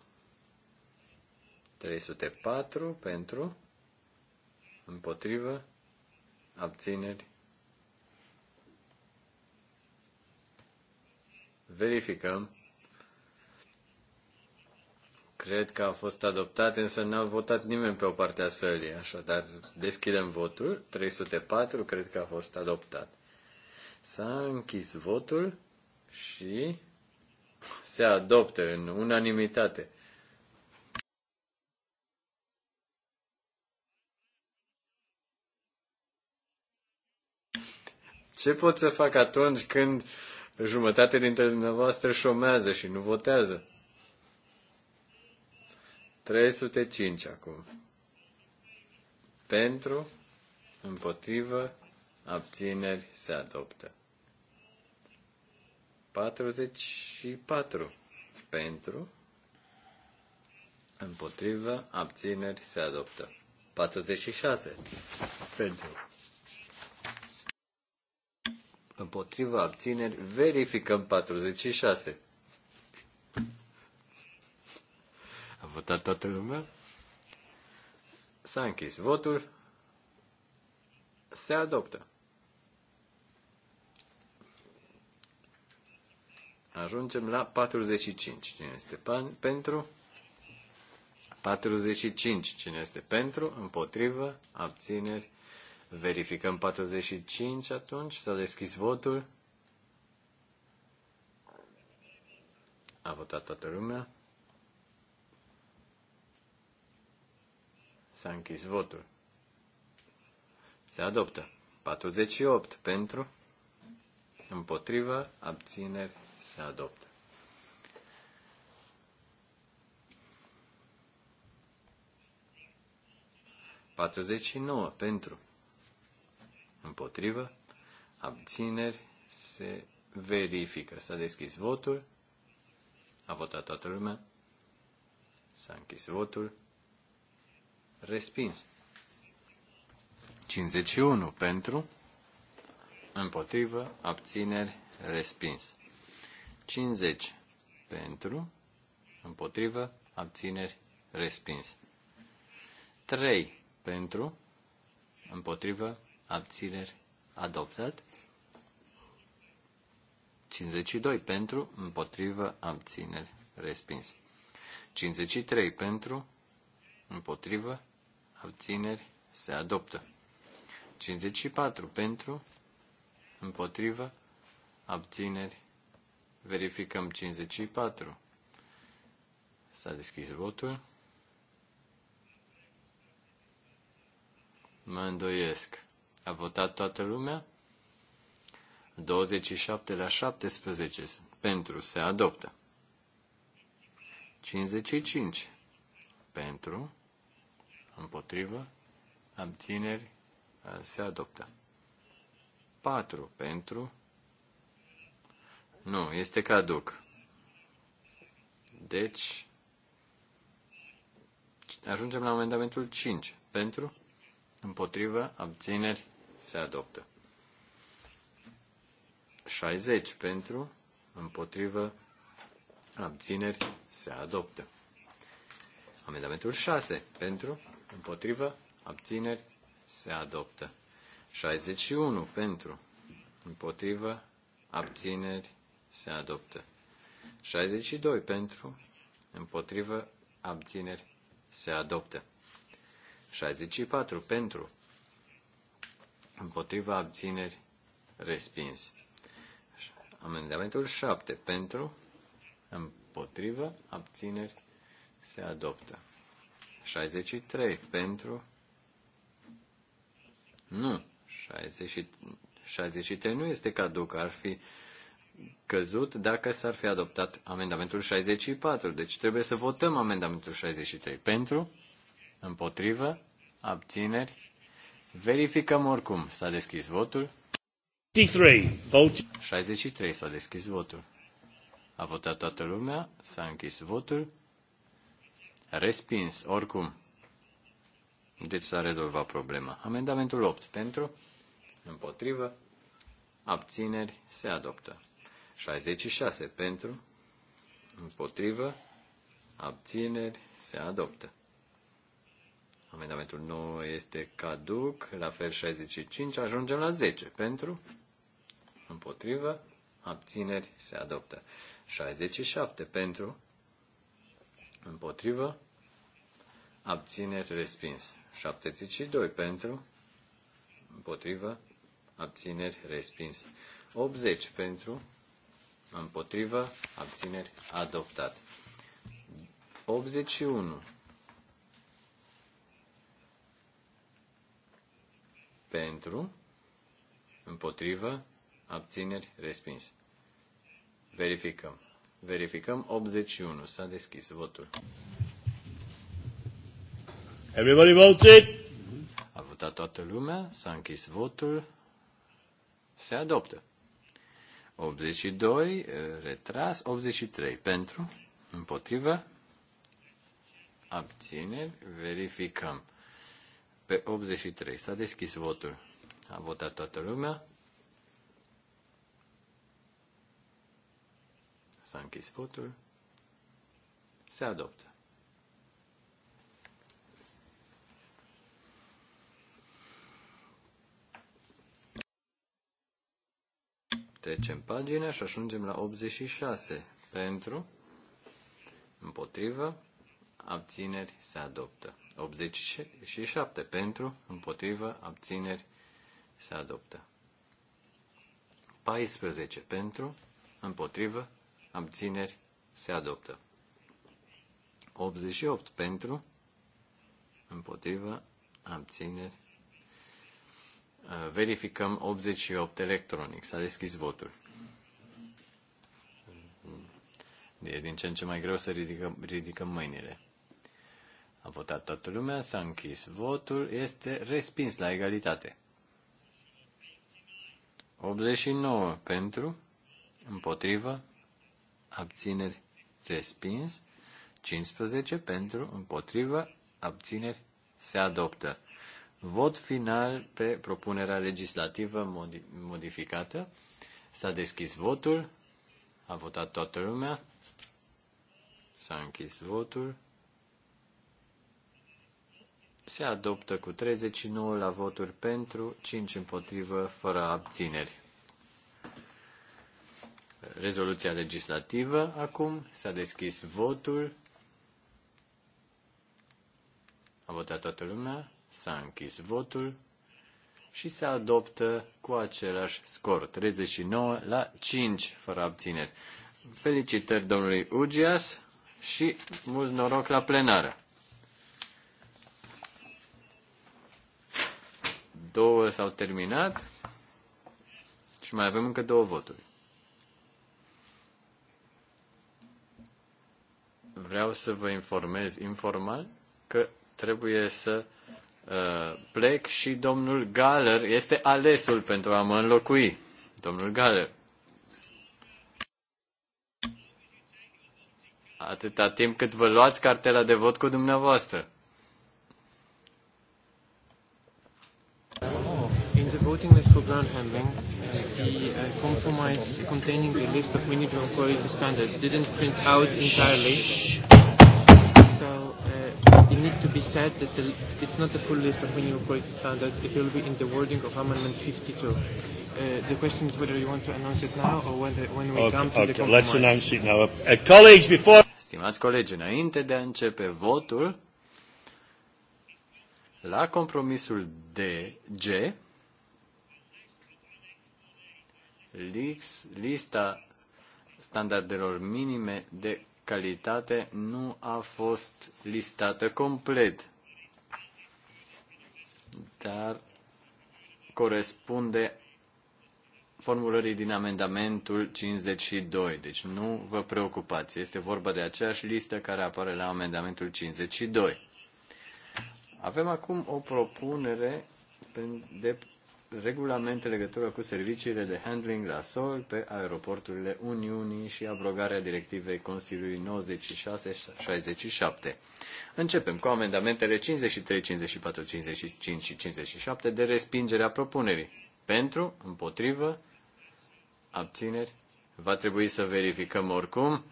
304 pentru, împotrivă, abțineri, Verificăm. Cred că a fost adoptat, însă n-a votat nimeni pe o parte a sălii. Așadar, deschidem votul. 304 cred că a fost adoptat. S-a închis votul și se adoptă în unanimitate. Ce pot să fac atunci când Jumătate dintre dumneavoastră șomează și nu votează. 305 acum. Pentru, împotrivă, abțineri se adoptă. 44. Pentru, împotrivă, abțineri se adoptă. 46. Pentru împotriva abțineri, verificăm 46. A votat toată lumea? S-a închis votul. Se adoptă. Ajungem la 45. Cine este pentru? 45. Cine este pentru? Împotrivă? Abțineri? Verificăm 45 atunci. S-a deschis votul. A votat toată lumea. S-a închis votul. Se adoptă. 48 pentru, împotrivă, abțineri, se adoptă. Patruzeci și nouă pentru, împotrivă, abțineri, se verifică. S-a deschis votul, a votat toată lumea, s-a închis votul, respins. 51 pentru, împotrivă, abțineri, respins. 50 pentru, împotrivă, abțineri, respins. 3 pentru, împotrivă, abțineri, adoptat. 52 pentru, împotrivă, abțineri, respins. 53 pentru, împotrivă, abțineri, se adoptă. 54 pentru, împotrivă, abțineri, verificăm 54. S-a deschis votul. Mă îndoiesc. A votat toată lumea? 27 la 17 pentru se adoptă. 55 pentru, împotrivă, abțineri, se adoptă. 4 pentru, nu, este caduc. Deci, ajungem la amendamentul 5 pentru, împotrivă, abțineri, se adoptă. 60 pentru, împotrivă, abțineri, se adoptă. Amendamentul 6 pentru, împotrivă, abțineri, se adoptă. 61 pentru, împotrivă, abțineri, se adoptă. 62 pentru, împotrivă, abțineri, se adoptă. 64 pentru, împotriva abțineri, respins. Amendamentul 7 pentru, împotriva abțineri, se adoptă. 63 pentru, nu, 60, 63 nu este caduc, ar fi căzut dacă s-ar fi adoptat amendamentul 64. Deci trebuie să votăm amendamentul 63. Pentru, împotrivă, abțineri, Verificăm oricum. S-a deschis votul. 63. 63 s-a deschis votul. A votat toată lumea, s-a închis votul. Respins, oricum. Deci s-a rezolvat problema. Amendamentul 8 pentru, împotrivă, abțineri, se adoptă. 66 pentru, împotrivă, abțineri, se adoptă. Amendamentul 9 este caduc, la fel 65, ajungem la 10. Pentru, împotrivă, abțineri, se adoptă. 67 pentru, împotrivă, abțineri, respins. 72 pentru, împotrivă, abțineri, respins. 80 pentru, împotrivă, abțineri, adoptat. 81 pentru, împotrivă, abțineri, respins. Verificăm. Verificăm 81. S-a deschis votul. Everybody votes it? A votat toată lumea, s-a închis votul, se adoptă. 82, eh, retras, 83 pentru, împotrivă, abțineri, verificăm. Pe 83 s-a deschis votul. A votat toată lumea. S-a închis votul. Se adoptă. Trecem pagina și ajungem la 86. Pentru, împotrivă, abțineri se adoptă. 87 pentru, împotrivă, abțineri, se adoptă. 14 pentru, împotrivă, abțineri, se adoptă. 88 pentru, împotrivă, abțineri. Verificăm 88 electronic. S-a deschis votul. E din ce în ce mai greu să ridicăm, ridicăm mâinile. A votat toată lumea, s-a închis votul, este respins la egalitate. 89 pentru, împotrivă, abțineri, respins. 15 pentru, împotrivă, abțineri, se adoptă. Vot final pe propunerea legislativă modificată. S-a deschis votul, a votat toată lumea, s-a închis votul, se adoptă cu 39 la voturi pentru, 5 împotrivă, fără abțineri. Rezoluția legislativă acum s-a deschis votul. A votat toată lumea, s-a închis votul și se adoptă cu același scor, 39 la 5, fără abțineri. Felicitări domnului Ugias și mult noroc la plenară! două s-au terminat și mai avem încă două voturi. Vreau să vă informez informal că trebuie să uh, plec și domnul Galer este alesul pentru a mă înlocui. Domnul Galer. Atâta timp cât vă luați cartela de vot cu dumneavoastră. voting list for ground handling, the uh, compromise containing the list of minimum quality standards didn't print out entirely. So uh, it needs to be said that the, it's not the full list of minimum quality standards. It will be in the wording of Amendment 52. Uh, the question is whether you want to announce it now or whether, when we okay, come to okay, the compromise. Let's announce it now. Uh, colleagues, before... Stimați colegi, înainte de a începe votul, la compromisul de G, lista standardelor minime de calitate nu a fost listată complet, dar corespunde formulării din amendamentul 52. Deci nu vă preocupați, este vorba de aceeași listă care apare la amendamentul 52. Avem acum o propunere de în legătură cu serviciile de handling la sol pe aeroporturile Uniunii și abrogarea directivei Consiliului 96-67. Începem cu amendamentele 53, 54, 55 și 57 de respingere a propunerii. Pentru, împotrivă, abțineri. Va trebui să verificăm oricum.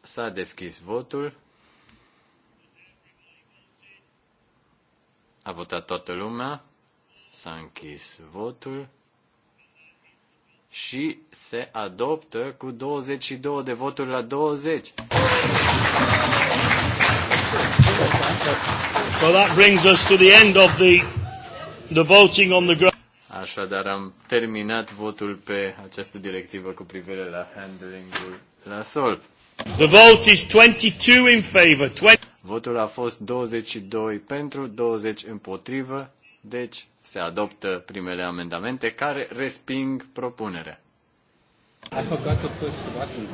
S-a deschis votul. A votat toată lumea. S-a închis votul și se adoptă cu 22 de voturi la 20. So that brings us to the end of the, the voting on the Așadar am terminat votul pe această directivă cu privire la handlingul la sol. The vote is 22 in favor. 20... Votul a fost 22 pentru, 20 împotrivă, deci se adoptă primele amendamente care resping propunerea. I forgot to push the button.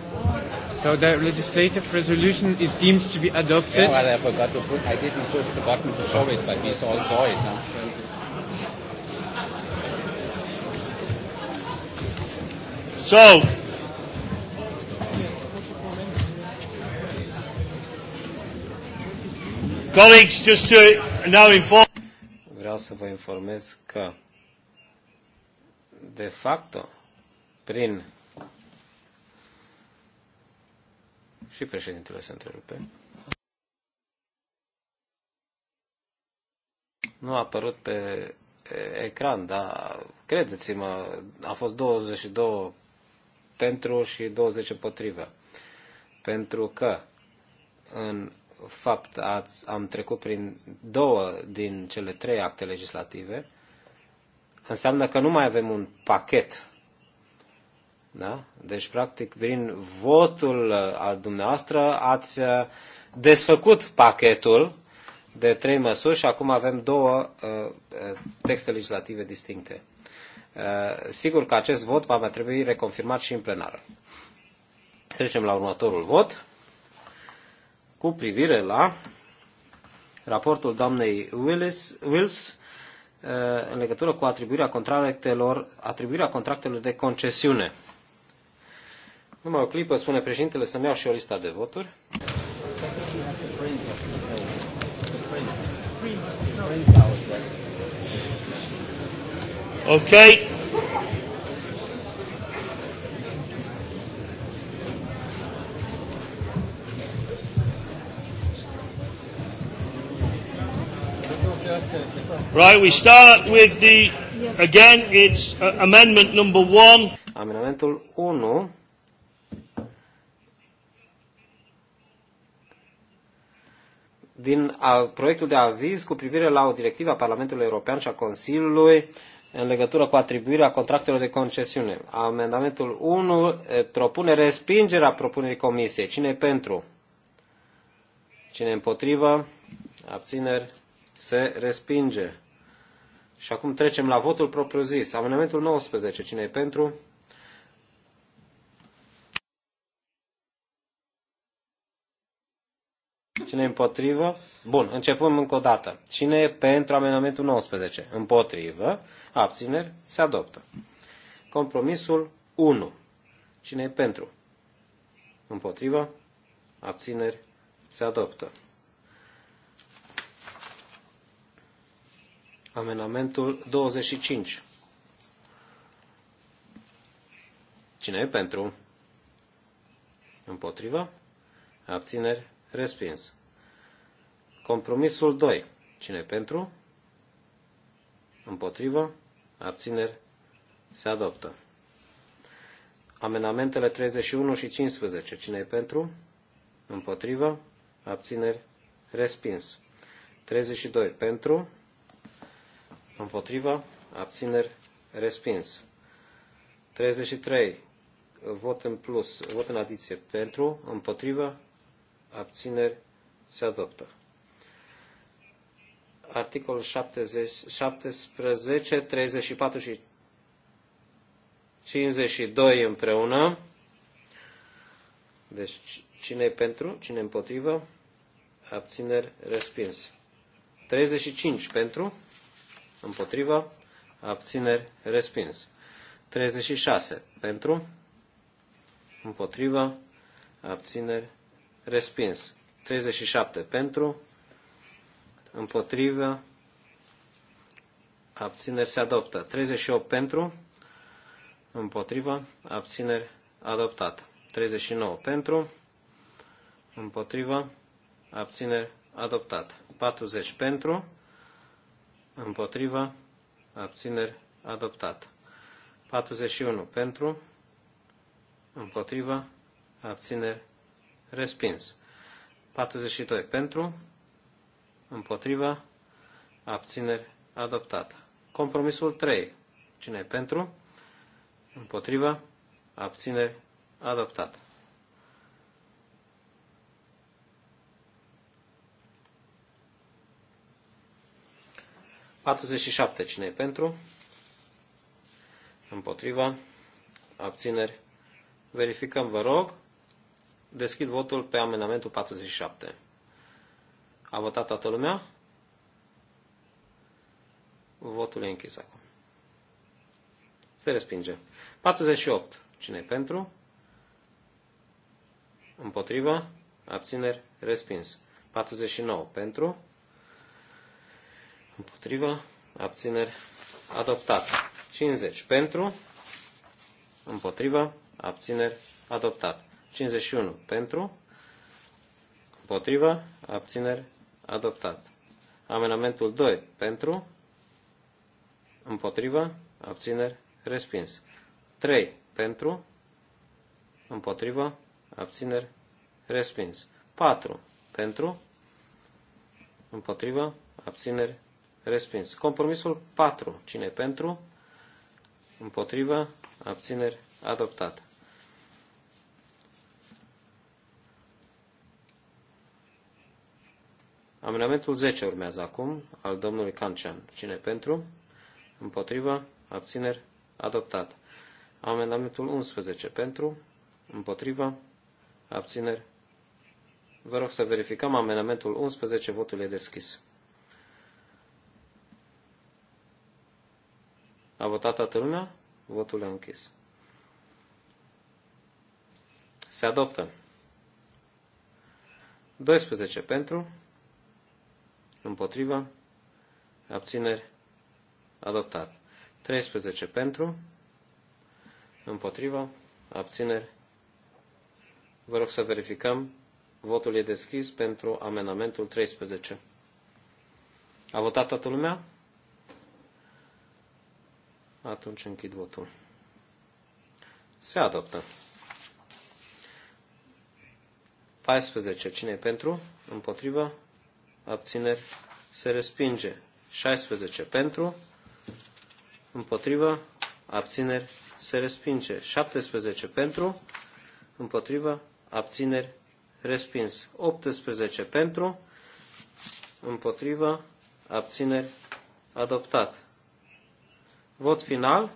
So the legislative resolution is deemed to be adopted. Yeah, well, I forgot to put. I didn't push the button to show it, but we all saw it. Huh? So. Colleagues, just to now inform vreau să vă informez că, de facto, prin și președintele se întrerupe. Nu a apărut pe ecran, dar credeți-mă, a fost 22 pentru și 20 împotriva. Pentru că în fapt ați, am trecut prin două din cele trei acte legislative, înseamnă că nu mai avem un pachet. Da? Deci, practic, prin votul uh, al dumneavoastră ați uh, desfăcut pachetul de trei măsuri și acum avem două uh, texte legislative distincte. sigur că acest vot va mai trebui reconfirmat și în plenară. Trecem la următorul vot cu privire la raportul doamnei Willis, Wills uh, în legătură cu atribuirea contractelor, atribuirea contractelor de concesiune. Numai o clipă, spune președintele, să-mi iau și o lista de voturi. Okay. Right, we start with the, again, it's uh, amendment number one. Amendamentul 1. din a, proiectul de aviz cu privire la o directivă a Parlamentului European și a Consiliului în legătură cu atribuirea contractelor de concesiune. Amendamentul 1 propune respingerea propunerii comisiei. Cine e pentru? Cine e împotrivă? Abțineri? Se respinge. Și acum trecem la votul propriu-zis. Amendamentul 19. Cine e pentru? Cine e împotrivă? Bun, începem încă o dată. Cine e pentru amendamentul 19? Împotrivă. Abțineri. Se adoptă. Compromisul 1. Cine e pentru? Împotrivă. Abțineri. Se adoptă. Amenamentul 25. Cine e pentru? Împotrivă? Abțineri? Respins. Compromisul 2. Cine e pentru? Împotrivă? Abțineri? Se adoptă. Amenamentele 31 și 15. Cine e pentru? Împotrivă? Abțineri? Respins. 32. Pentru? Împotrivă? abțineri, respins. 33, vot în plus, vot în adiție, pentru, împotrivă, abțineri, se adoptă. Articolul 70, 17, 34 și 52 împreună. Deci cine e pentru, cine împotrivă, abțineri, respins. 35 pentru, împotriva, abțineri, respins. 36 pentru, împotriva, abțineri, respins. 37 pentru, împotriva, abțineri se adoptă. 38 pentru, împotriva, abțineri adoptat. 39 pentru, împotriva, abțineri adoptat. 40 pentru, împotriva, abțineri, adoptat. 41 pentru, împotriva, abțineri, respins. 42 pentru, împotriva, abțineri, adoptat. Compromisul 3. Cine e pentru? Împotriva, abțineri, adoptat. 47. Cine e pentru? Împotriva. Abțineri. Verificăm, vă rog. Deschid votul pe amendamentul 47. A votat toată lumea? Votul e închis acum. Se respinge. 48. Cine e pentru? Împotriva. Abțineri. Respins. 49. Pentru. Împotrivă. Abțineri. Adoptat. 50 pentru. Împotrivă. Abțineri. Adoptat. 51 pentru. Împotrivă. Abțineri. Adoptat. Amenamentul 2 pentru. Împotrivă. Abțineri. Respins. 3 pentru. Împotrivă. Abțineri. Respins. 4 pentru. Împotrivă. Abțineri respins. Compromisul 4. Cine pentru? Împotrivă? Abțineri? Adoptat. Amendamentul 10 urmează acum, al domnului Cancian. Cine pentru? Împotrivă? Abțineri? Adoptat. Amendamentul 11 pentru? Împotrivă? Abțineri? Vă rog să verificăm amendamentul 11, votul e deschis. A votat toată lumea? Votul e închis. Se adoptă. 12 pentru, împotriva, abțineri, adoptat. 13 pentru, împotriva, abțineri. Vă rog să verificăm. Votul e deschis pentru amenamentul 13. A votat toată lumea? Atunci închid votul. Se adoptă. 14. Cine e pentru? Împotrivă? Abțineri? Se respinge. 16. Pentru? Împotrivă? Abțineri? Se respinge. 17. Pentru? Împotrivă? Abțineri? Respins. 18. Pentru? Împotrivă? Abțineri? Adoptat. Vot final.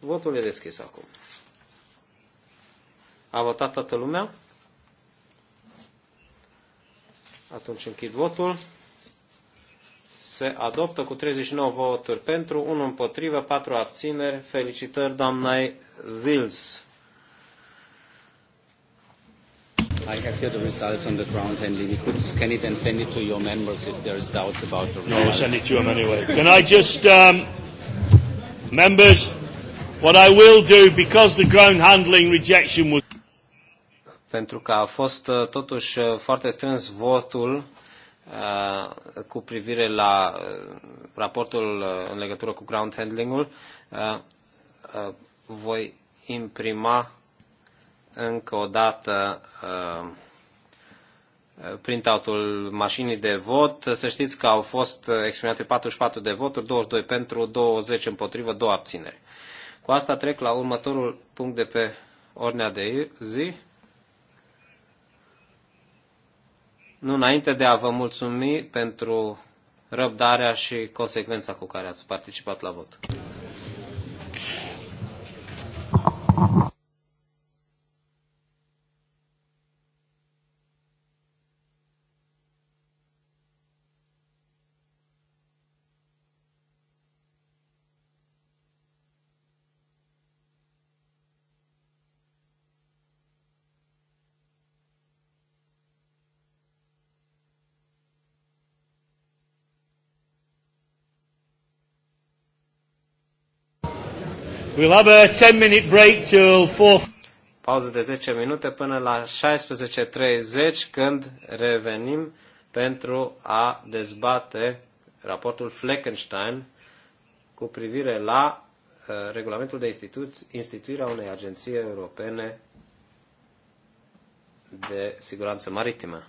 Votul e deschis acum. A votat toată lumea? Atunci închid votul. Se adoptă cu 39 voturi pentru, 1 împotrivă, 4 abțineri. Felicitări doamnei Wills. I have here the results on the ground, Henley. We could scan it and send it to your members if there is doubts about the results. No, we'll send it to them anyway. Can I just, um, members, what I will do, because the ground handling rejection was... Pentru că a fost uh, totuși uh, foarte strâns votul uh, cu privire la uh, raportul uh, în legătură cu ground handling-ul, uh, uh, voi imprima încă o dată uh, uh, printout-ul mașinii de vot. Să știți că au fost uh, exprimate 44 de voturi, 22 pentru, 20 împotrivă, 2 abțineri. Cu asta trec la următorul punct de pe ordinea de zi. Nu înainte de a vă mulțumi pentru răbdarea și consecvența cu care ați participat la vot. We'll have a 10-minute break till 4 pauză de 10 minute până la 16.30 când revenim pentru a dezbate raportul Fleckenstein cu privire la uh, regulamentul de instituți, instituire a unei agenții europene de siguranță maritimă.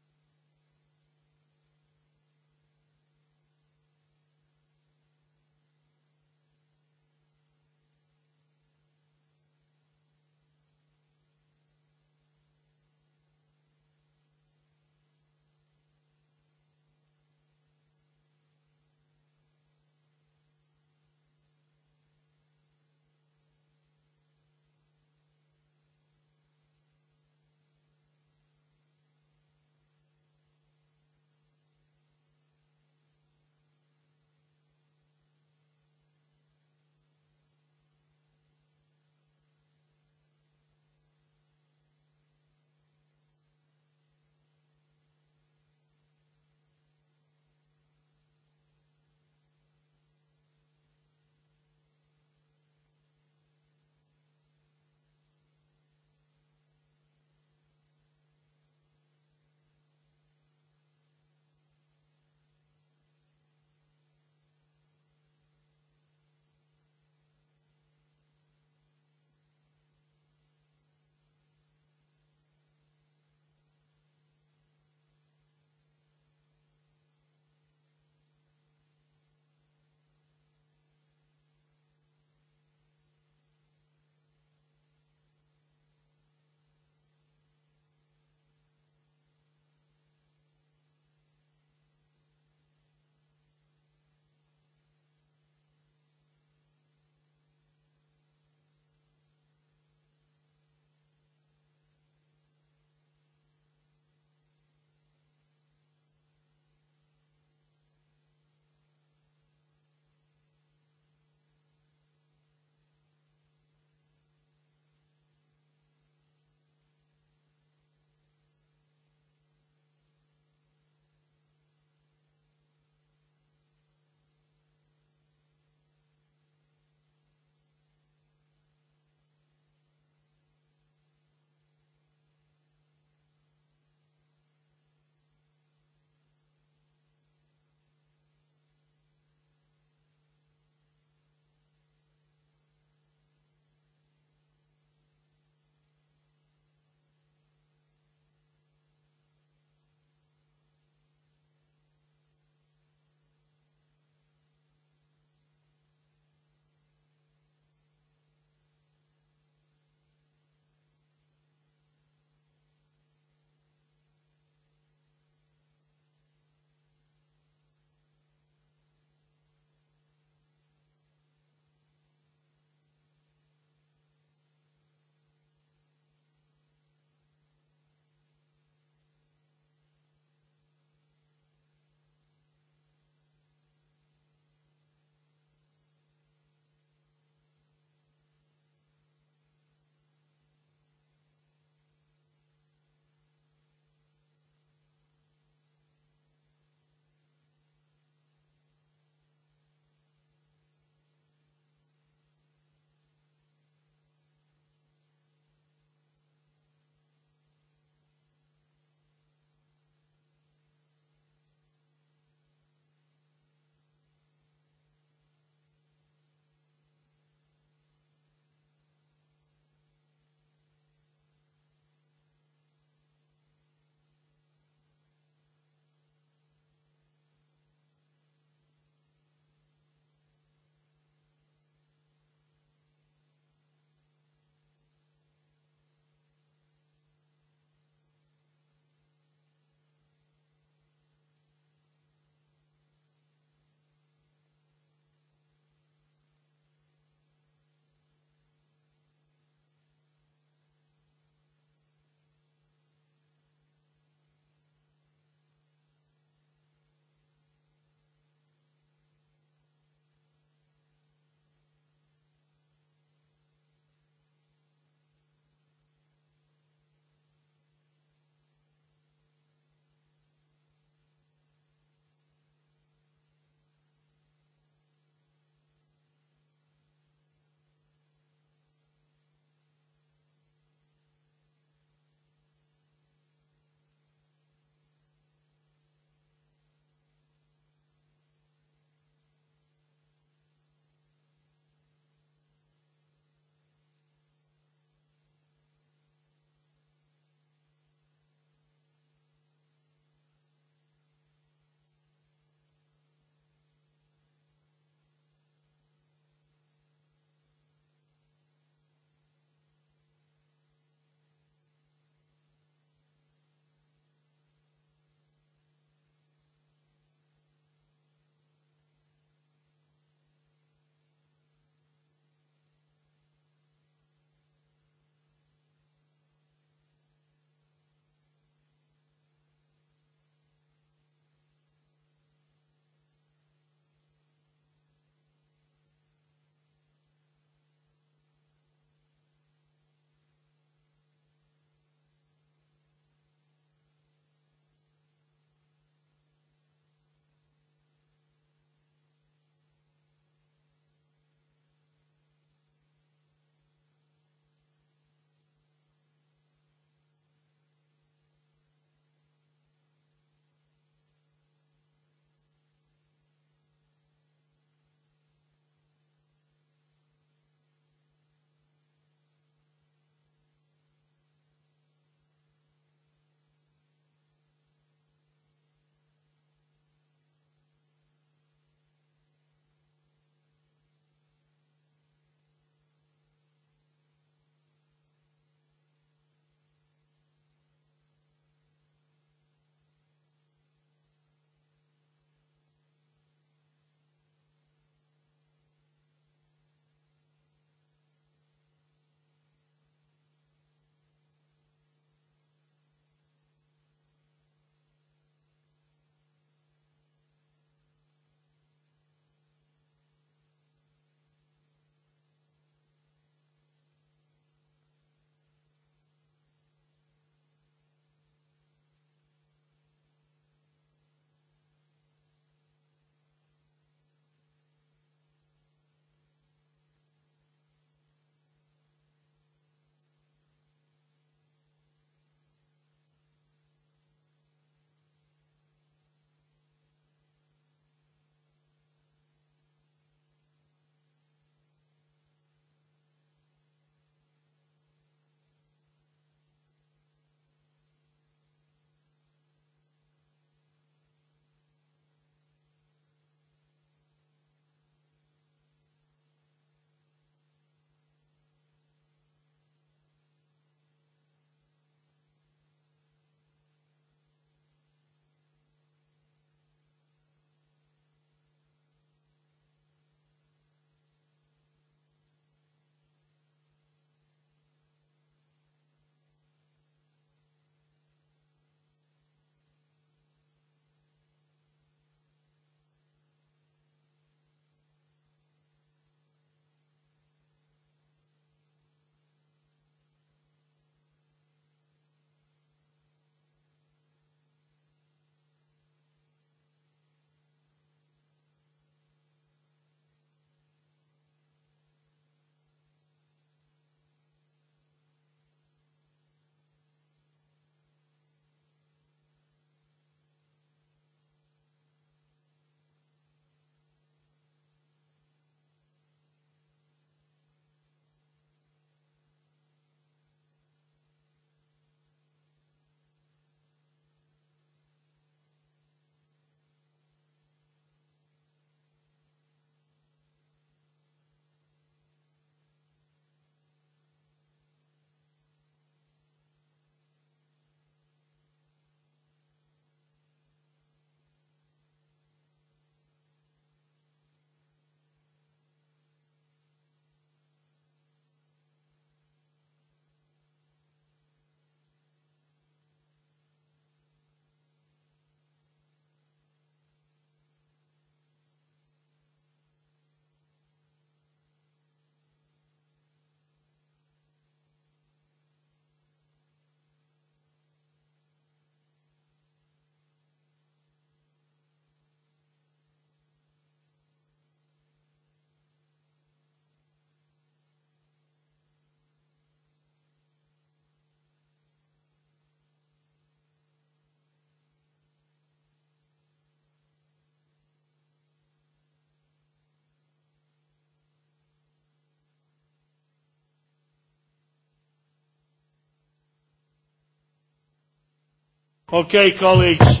Okay, colleagues.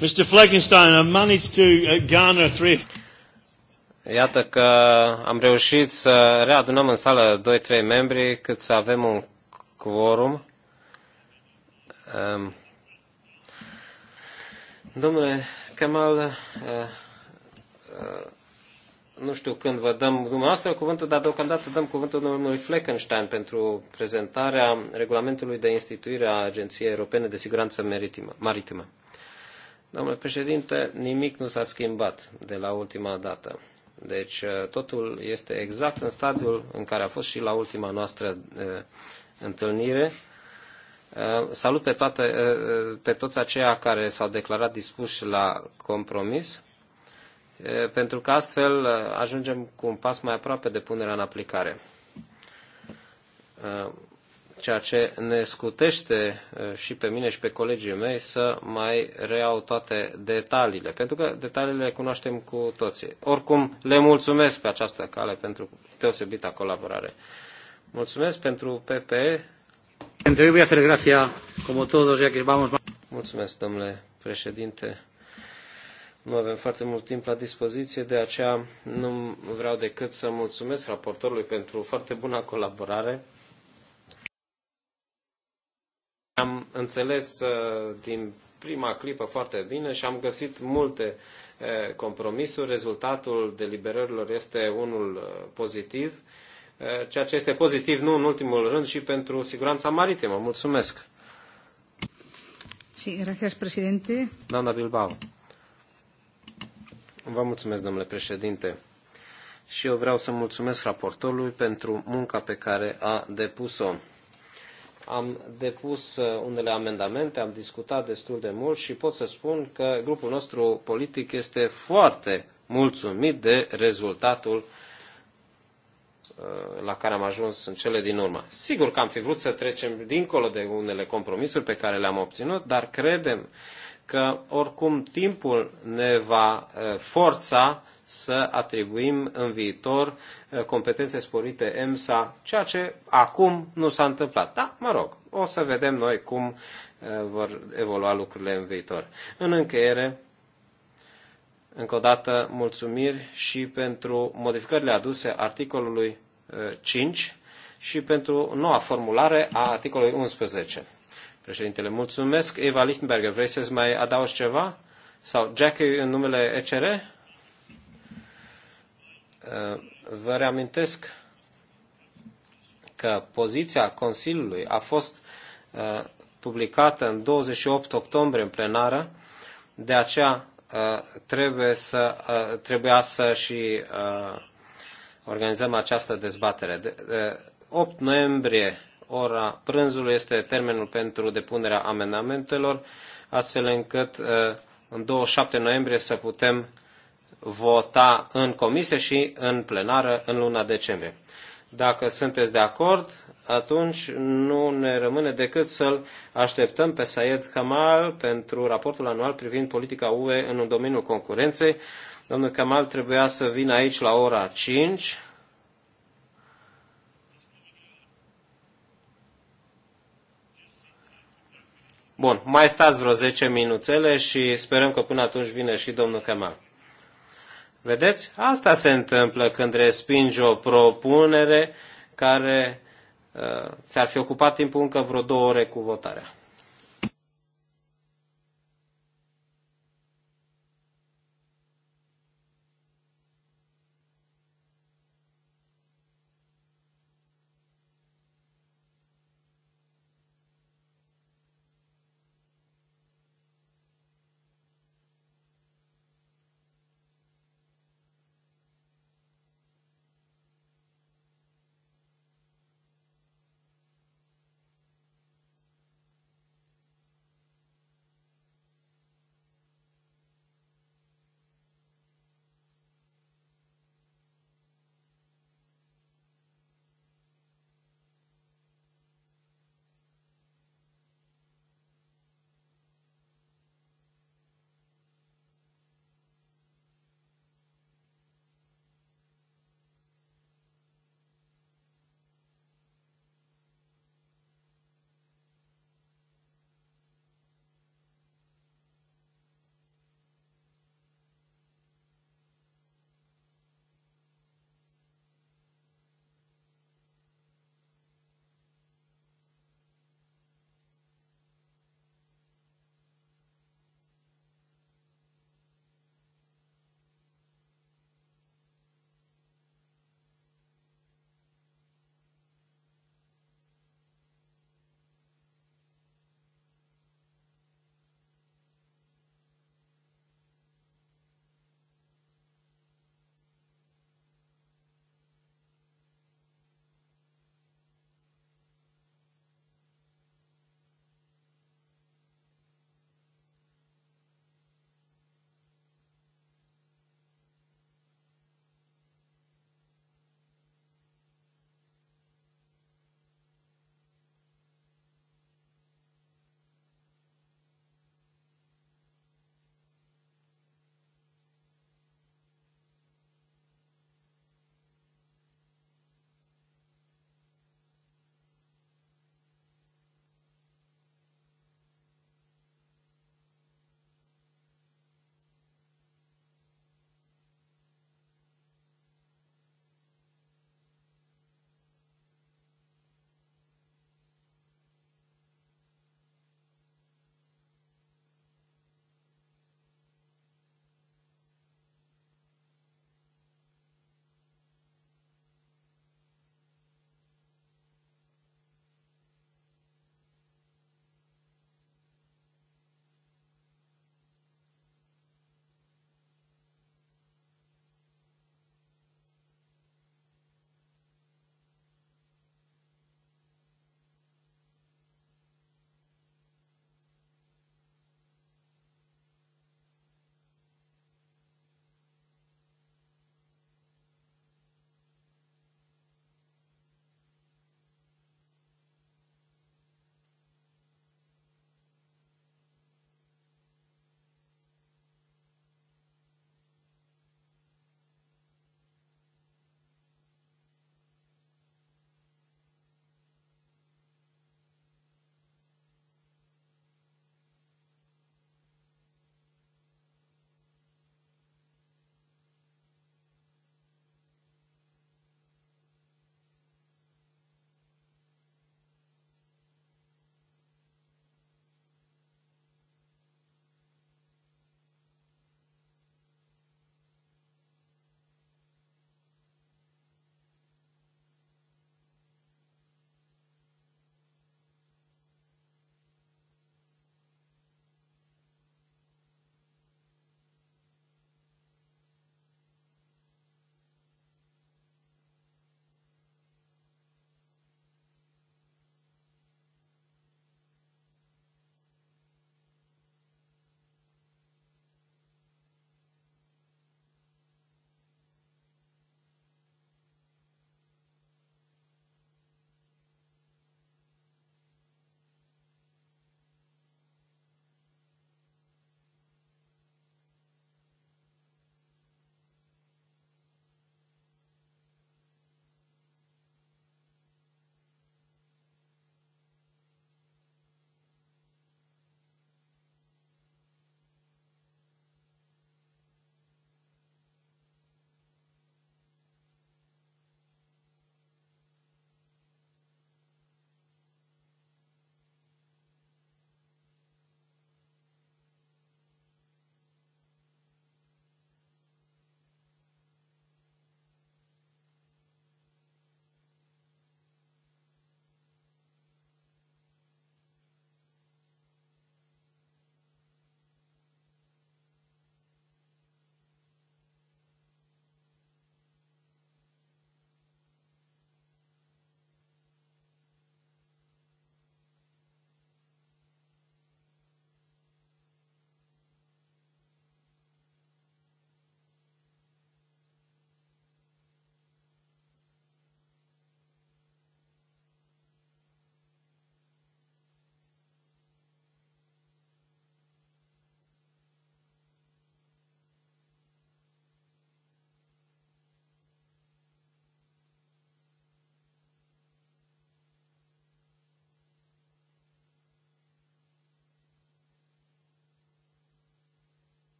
Mr. Fleckenstein, I managed to uh, garner three. Iată că am reușit să readunăm în sală 2-3 membri cât să avem un quorum. Um, domnule Kemal, uh, uh, nu știu când vă dăm dumneavoastră cuvântul, dar deocamdată dăm cuvântul domnului Fleckenstein pentru prezentarea regulamentului de instituire a Agenției Europene de Siguranță Maritimă. Domnule președinte, nimic nu s-a schimbat de la ultima dată. Deci uh, totul este exact în stadiul în care a fost și la ultima noastră uh, întâlnire. Uh, salut pe, toate, pe toți aceia care s-au declarat dispuși la compromis pentru că astfel ajungem cu un pas mai aproape de punerea în aplicare. Ceea ce ne scutește și pe mine și pe colegii mei să mai reau toate detaliile, pentru că detaliile le cunoaștem cu toții. Oricum, le mulțumesc pe această cale pentru deosebita colaborare. Mulțumesc pentru PPE. Mulțumesc, domnule președinte. Nu avem foarte mult timp la dispoziție, de aceea nu vreau decât să mulțumesc raportorului pentru foarte bună colaborare. Am înțeles uh, din prima clipă foarte bine și am găsit multe uh, compromisuri. Rezultatul deliberărilor este unul uh, pozitiv, ceea ce este pozitiv nu în ultimul rând și pentru siguranța maritimă. Mulțumesc! Sí, gracias, presidente. Doamna Bilbao. Vă mulțumesc, domnule președinte. Și eu vreau să mulțumesc raportorului pentru munca pe care a depus-o. Am depus uh, unele amendamente, am discutat destul de mult și pot să spun că grupul nostru politic este foarte mulțumit de rezultatul uh, la care am ajuns în cele din urmă. Sigur că am fi vrut să trecem dincolo de unele compromisuri pe care le-am obținut, dar credem că oricum timpul ne va eh, forța să atribuim în viitor eh, competențe sporite EMSA, ceea ce acum nu s-a întâmplat. Da, mă rog, o să vedem noi cum eh, vor evolua lucrurile în viitor. În încheiere, încă o dată mulțumiri și pentru modificările aduse articolului 5 și pentru noua formulare a articolului 11. Președintele, mulțumesc. Eva Lichtenberger, vrei să-ți mai adaugi ceva? Sau Jack în numele ECR? Uh, vă reamintesc că poziția Consiliului a fost uh, publicată în 28 octombrie în plenară, de aceea uh, trebuie să, trebuia să și organizăm această dezbatere. 8 noiembrie ora prânzului este termenul pentru depunerea amendamentelor, astfel încât uh, în 27 noiembrie să putem vota în comisie și în plenară în luna decembrie. Dacă sunteți de acord, atunci nu ne rămâne decât să-l așteptăm pe Sayed Kamal pentru raportul anual privind politica UE în domeniul concurenței. Domnul Kamal trebuia să vină aici la ora 5, Bun, mai stați vreo 10 minuțele și sperăm că până atunci vine și domnul Kemal. Vedeți? Asta se întâmplă când respingi o propunere care uh, ți-ar fi ocupat timpul încă vreo două ore cu votarea.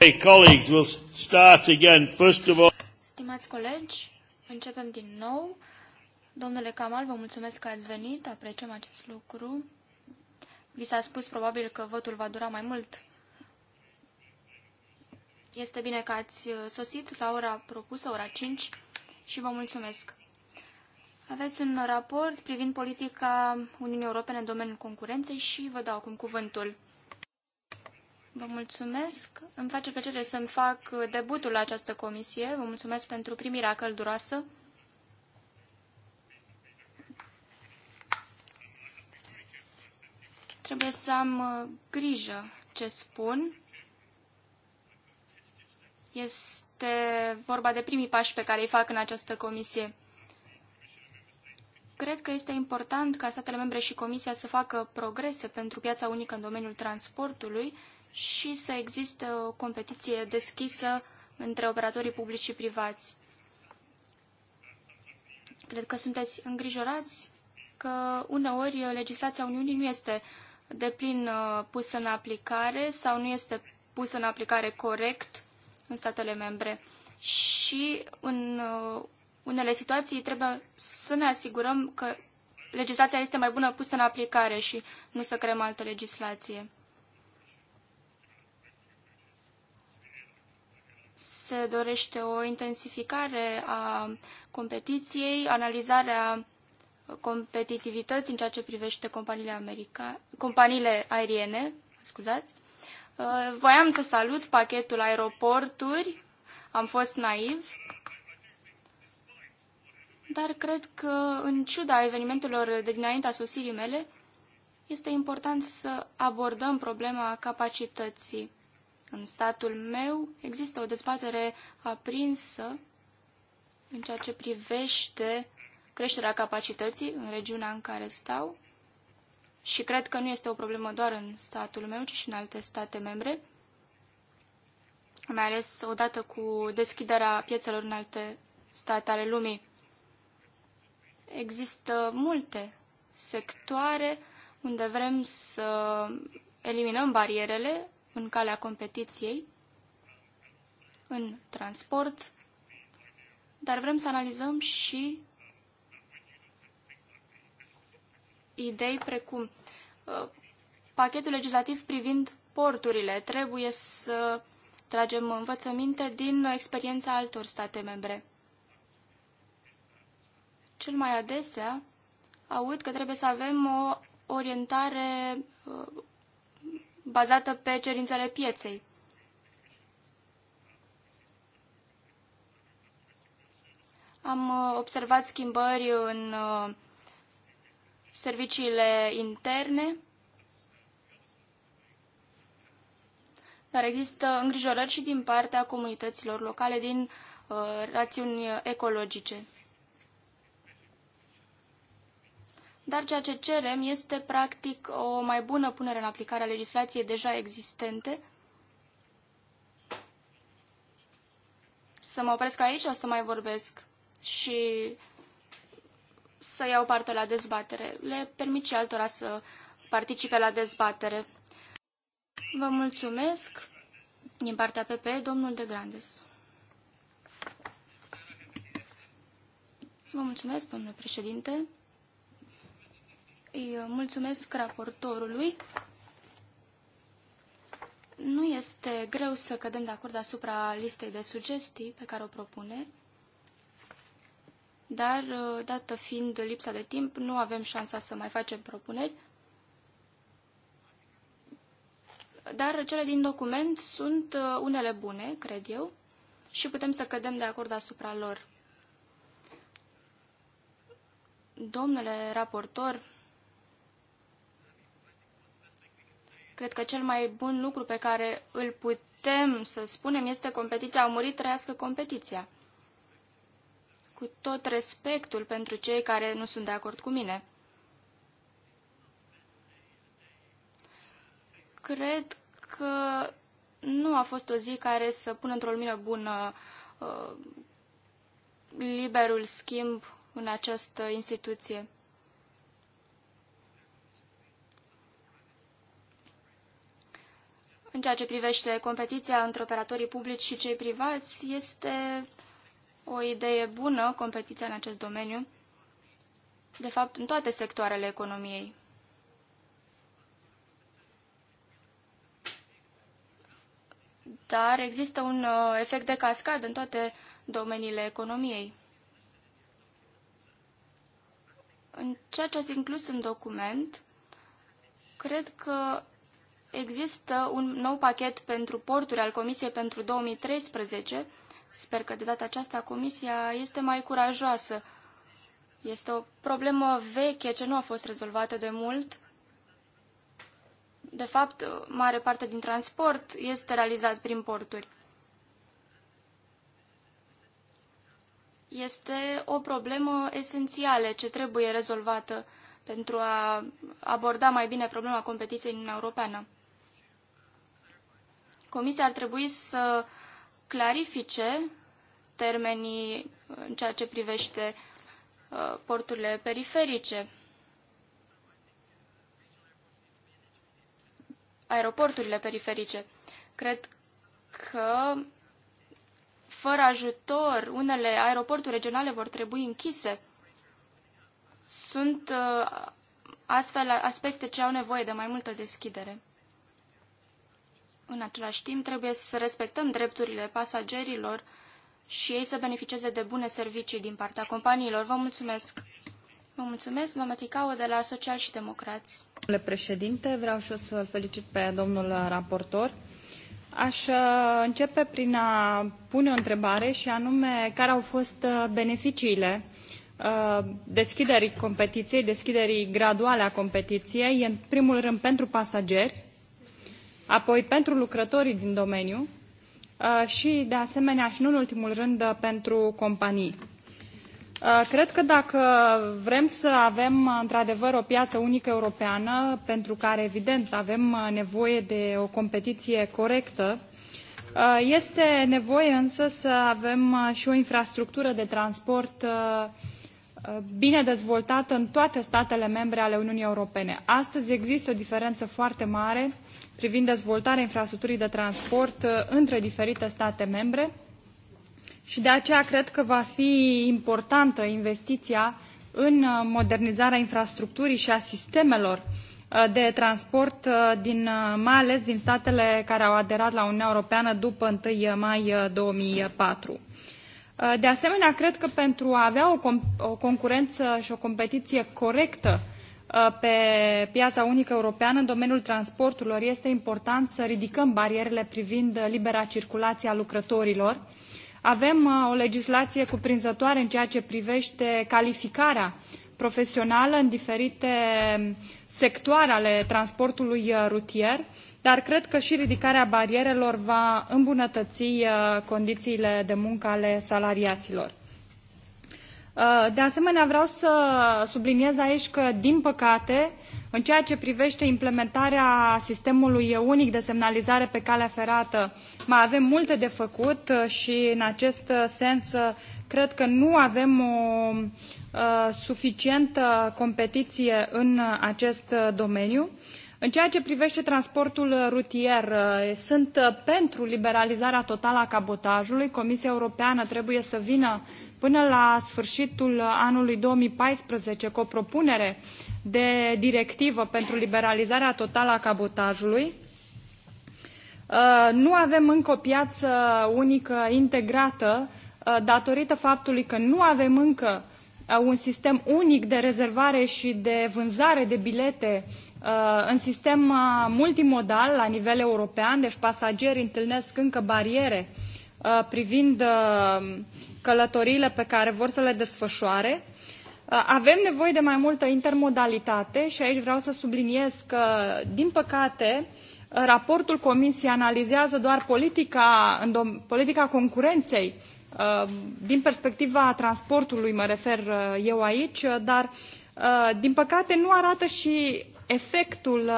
Hey, colleagues, we'll start again. First of all... Stimați colegi, începem din nou. Domnule Kamal, vă mulțumesc că ați venit, apreciem acest lucru. Vi s-a spus probabil că votul va dura mai mult. Este bine că ați uh, sosit la ora propusă, ora 5, și vă mulțumesc. Aveți un raport privind politica Uniunii Europene în domeniul concurenței și vă dau acum cuvântul. Vă mulțumesc. Îmi face plăcere să-mi fac debutul la această comisie. Vă mulțumesc pentru primirea călduroasă. Trebuie să am uh, grijă ce spun. Este vorba de primii pași pe care îi fac în această comisie. Cred că este important ca statele membre și Comisia să facă progrese pentru piața unică în domeniul transportului, și să existe o competiție deschisă între operatorii publici și privați. Cred că sunteți îngrijorați că uneori legislația Uniunii nu este de plin uh, pusă în aplicare sau nu este pusă în aplicare corect în statele membre. Și în uh, unele situații trebuie să ne asigurăm că legislația este mai bună pusă în aplicare și nu să creăm altă legislație. se dorește o intensificare a competiției, analizarea competitivității în ceea ce privește companiile, america, companiile aeriene. Scuzați. Uh, voiam să salut pachetul aeroporturi, am fost naiv, dar cred că, în ciuda evenimentelor de dinaintea sosirii mele, este important să abordăm problema capacității. În statul meu există o dezbatere aprinsă în ceea ce privește creșterea capacității în regiunea în care stau și cred că nu este o problemă doar în statul meu, ci și în alte state membre, mai ales odată cu deschiderea piețelor în alte state ale lumii. Există multe sectoare unde vrem să eliminăm barierele în calea competiției, în transport, dar vrem să analizăm și idei precum uh, pachetul legislativ privind porturile. Trebuie să tragem învățăminte din experiența altor state membre. Cel mai adesea aud că trebuie să avem o orientare uh, bazată pe cerințele pieței. Am uh, observat schimbări în uh, serviciile interne, dar există îngrijorări și din partea comunităților locale din uh, rațiuni ecologice. dar ceea ce cerem este practic o mai bună punere în aplicare a legislației deja existente. Să mă opresc aici o să mai vorbesc și să iau parte la dezbatere. Le permit și altora să participe la dezbatere. Vă mulțumesc din partea PP, domnul de Grandes. Vă mulțumesc, domnule președinte. Îi uh, mulțumesc raportorului. Nu este greu să cădem de acord asupra listei de sugestii pe care o propune, dar, uh, dată fiind lipsa de timp, nu avem șansa să mai facem propuneri. Dar cele din document sunt uh, unele bune, cred eu, și putem să cădem de acord asupra lor. Domnule raportor, Cred că cel mai bun lucru pe care îl putem să spunem este competiția au murit, trăiască competiția. Cu tot respectul pentru cei care nu sunt de acord cu mine. Cred că nu a fost o zi care să pună într-o lumină bună uh, liberul schimb în această instituție. în ceea ce privește competiția între operatorii publici și cei privați, este o idee bună competiția în acest domeniu, de fapt în toate sectoarele economiei. Dar există un uh, efect de cascadă în toate domeniile economiei. În ceea ce ați inclus în document, cred că Există un nou pachet pentru porturi al Comisiei pentru 2013. Sper că de data aceasta Comisia este mai curajoasă. Este o problemă veche ce nu a fost rezolvată de mult. De fapt, mare parte din transport este realizat prin porturi. Este o problemă esențială ce trebuie rezolvată pentru a aborda mai bine problema competiției în Europeană. Comisia ar trebui să clarifice termenii în ceea ce privește uh, porturile periferice. aeroporturile periferice. Cred că fără ajutor, unele aeroporturi regionale vor trebui închise. Sunt uh, astfel aspecte ce au nevoie de mai multă deschidere. În același timp, trebuie să respectăm drepturile pasagerilor și ei să beneficieze de bune servicii din partea companiilor. Vă mulțumesc! Vă mulțumesc, domnul Ticau, de la Social și Democrați. Domnule președinte, vreau și eu să felicit pe domnul raportor. Aș uh, începe prin a pune o întrebare și anume care au fost uh, beneficiile uh, deschiderii competiției, deschiderii graduale a competiției, în primul rând pentru pasageri, apoi pentru lucrătorii din domeniu uh, și, de asemenea, și nu în ultimul rând, uh, pentru companii. Uh, cred că dacă vrem să avem într-adevăr o piață unică europeană, pentru care evident avem nevoie de o competiție corectă, este nevoie însă să avem și o infrastructură de transport bine dezvoltată în toate statele membre ale Uniunii Europene. Astăzi există o diferență foarte mare privind dezvoltarea infrastructurii de transport uh, între diferite state membre și de aceea cred că va fi importantă investiția în uh, modernizarea infrastructurii și a sistemelor uh, de transport, din, mai ales din statele care au aderat la Uniunea Europeană după 1 mai 2004. De asemenea, cred că pentru a avea o, o concurență și o competiție corectă Uh, pe piața unică europeană în domeniul transporturilor este important să ridicăm barierele privind libera circulație a lucrătorilor. Avem uh, o legislație cuprinzătoare în ceea ce privește calificarea profesională în diferite um, sectoare ale transportului uh, rutier, dar cred că și ridicarea barierelor va îmbunătăți condițiile de muncă ale salariaților Uh, de asemenea, vreau să subliniez aici că, din păcate, în ceea ce privește implementarea sistemului unic de semnalizare pe calea ferată, mai avem multe de făcut uh, și, în acest uh, sens, cred că nu avem o suficientă competiție în acest domeniu. În ceea ce privește transportul rutier, sunt pentru liberalizarea totală a cabotajului. Comisia Europeană trebuie să vină până la sfârșitul anului 2014 cu o propunere de directivă pentru liberalizarea totală a cabotajului. Uh, nu avem încă o piață unică integrată uh, datorită faptului că nu avem încă uh, un sistem unic de rezervare și de vânzare de bilete în sistem multimodal la nivel european, deci pasagerii întâlnesc încă bariere privind călătoriile pe care vor să le desfășoare. Uh, avem nevoie de mai multă intermodalitate și aici vreau să subliniez că, din păcate, uh, raportul Comisiei analizează doar politica, în politica concurenței uh, din perspectiva transportului, mă refer eu aici, dar, din păcate, nu arată și efectul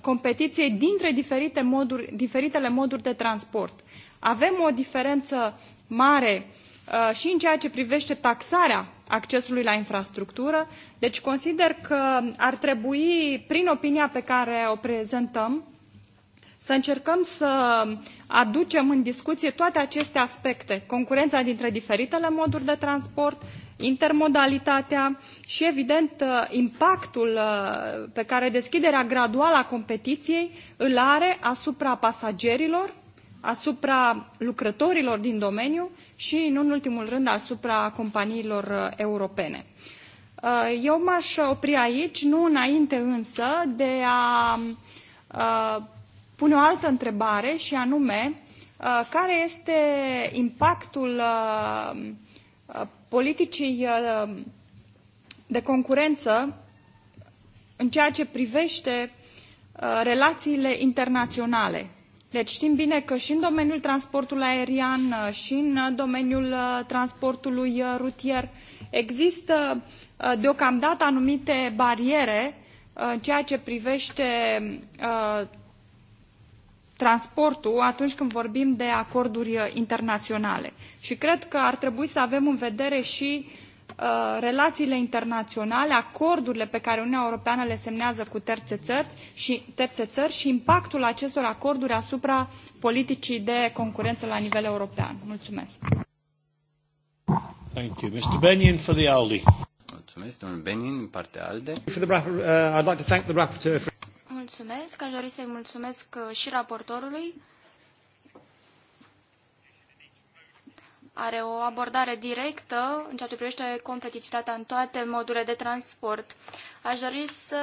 competiției dintre diferite moduri, diferitele moduri de transport. Avem o diferență mare Uh, și în ceea ce privește taxarea accesului la infrastructură. Deci consider că ar trebui, prin opinia pe care o prezentăm, să încercăm să aducem în discuție toate aceste aspecte, concurența dintre diferitele moduri de transport, intermodalitatea și, evident, uh, impactul uh, pe care deschiderea graduală a competiției îl are asupra pasagerilor, asupra lucrătorilor din domeniu și, nu în ultimul rând, asupra companiilor uh, europene. Uh, eu m-aș opri aici, nu înainte însă de a uh, pune o altă întrebare și anume, care este impactul politicii de concurență în ceea ce privește relațiile internaționale deci știm bine că și în domeniul transportului aerian uh, și în uh, domeniul uh, transportului rutier există deocamdată anumite bariere în ceea ce privește transportul atunci când vorbim de acorduri internaționale. Și cred că ar trebui să avem în vedere și uh, Uh, relațiile internaționale, acordurile pe care Uniunea Europeană le semnează cu tere ări și, și impactul acestor acorduri asupra politicii de concurență la nivel european. Mulțumesc. Thank you. Mr. Benyon for the ALDE. Mulțumesc, domnul partea ALDE. For the, uh, I'd like to thank the rapporteur Mulțumesc. dori să-i mulțumesc uh, și raportorului are o abordare directă în ceea ce privește competitivitatea în toate modurile de transport. Aș dori să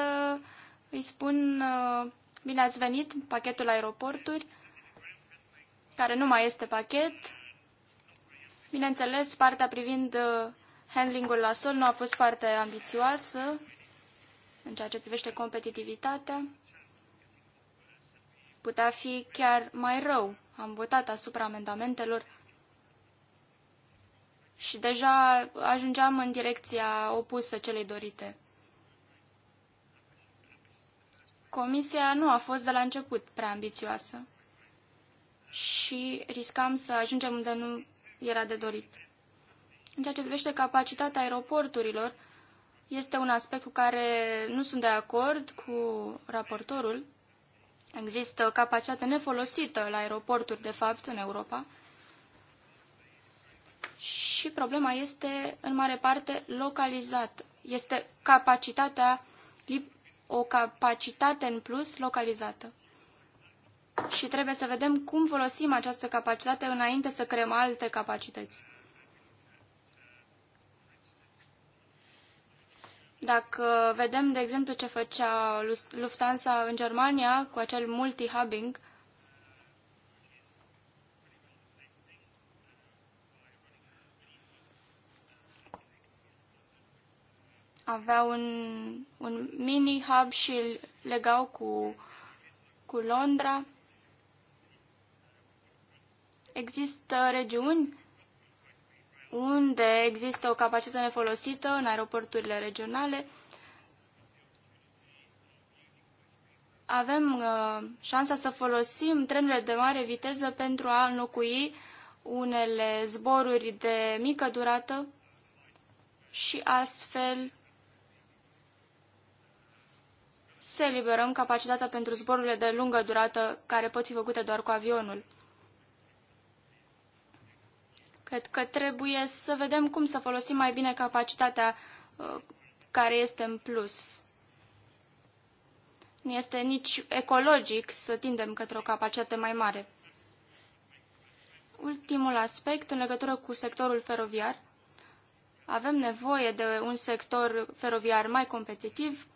îi spun uh, bine ați venit pachetul aeroporturi, care nu mai este pachet. Bineînțeles, partea privind uh, handlingul la sol nu a fost foarte ambițioasă în ceea ce privește competitivitatea. Putea fi chiar mai rău. Am votat asupra amendamentelor și deja ajungeam în direcția opusă celei dorite. Comisia nu a fost de la început prea ambițioasă și riscam să ajungem unde nu era de dorit. În ceea ce privește capacitatea aeroporturilor, este un aspect cu care nu sunt de acord cu raportorul. Există capacitate nefolosită la aeroporturi, de fapt, în Europa și problema este în mare parte localizată. Este capacitatea, o capacitate în plus localizată. Și trebuie să vedem cum folosim această capacitate înainte să creăm alte capacități. Dacă vedem, de exemplu, ce făcea Lufthansa în Germania cu acel multi-hubbing, aveau un, un mini-hub și îl legau cu, cu Londra. Există regiuni unde există o capacitate nefolosită în aeroporturile regionale. Avem uh, șansa să folosim trenurile de mare viteză pentru a înlocui unele zboruri de mică durată și astfel să eliberăm capacitatea pentru zborurile de lungă durată care pot fi făcute doar cu avionul. Cred că trebuie să vedem cum să folosim mai bine capacitatea uh, care este în plus. Nu este nici ecologic să tindem către o capacitate mai mare. Ultimul aspect, în legătură cu sectorul feroviar, avem nevoie de un sector feroviar mai competitiv,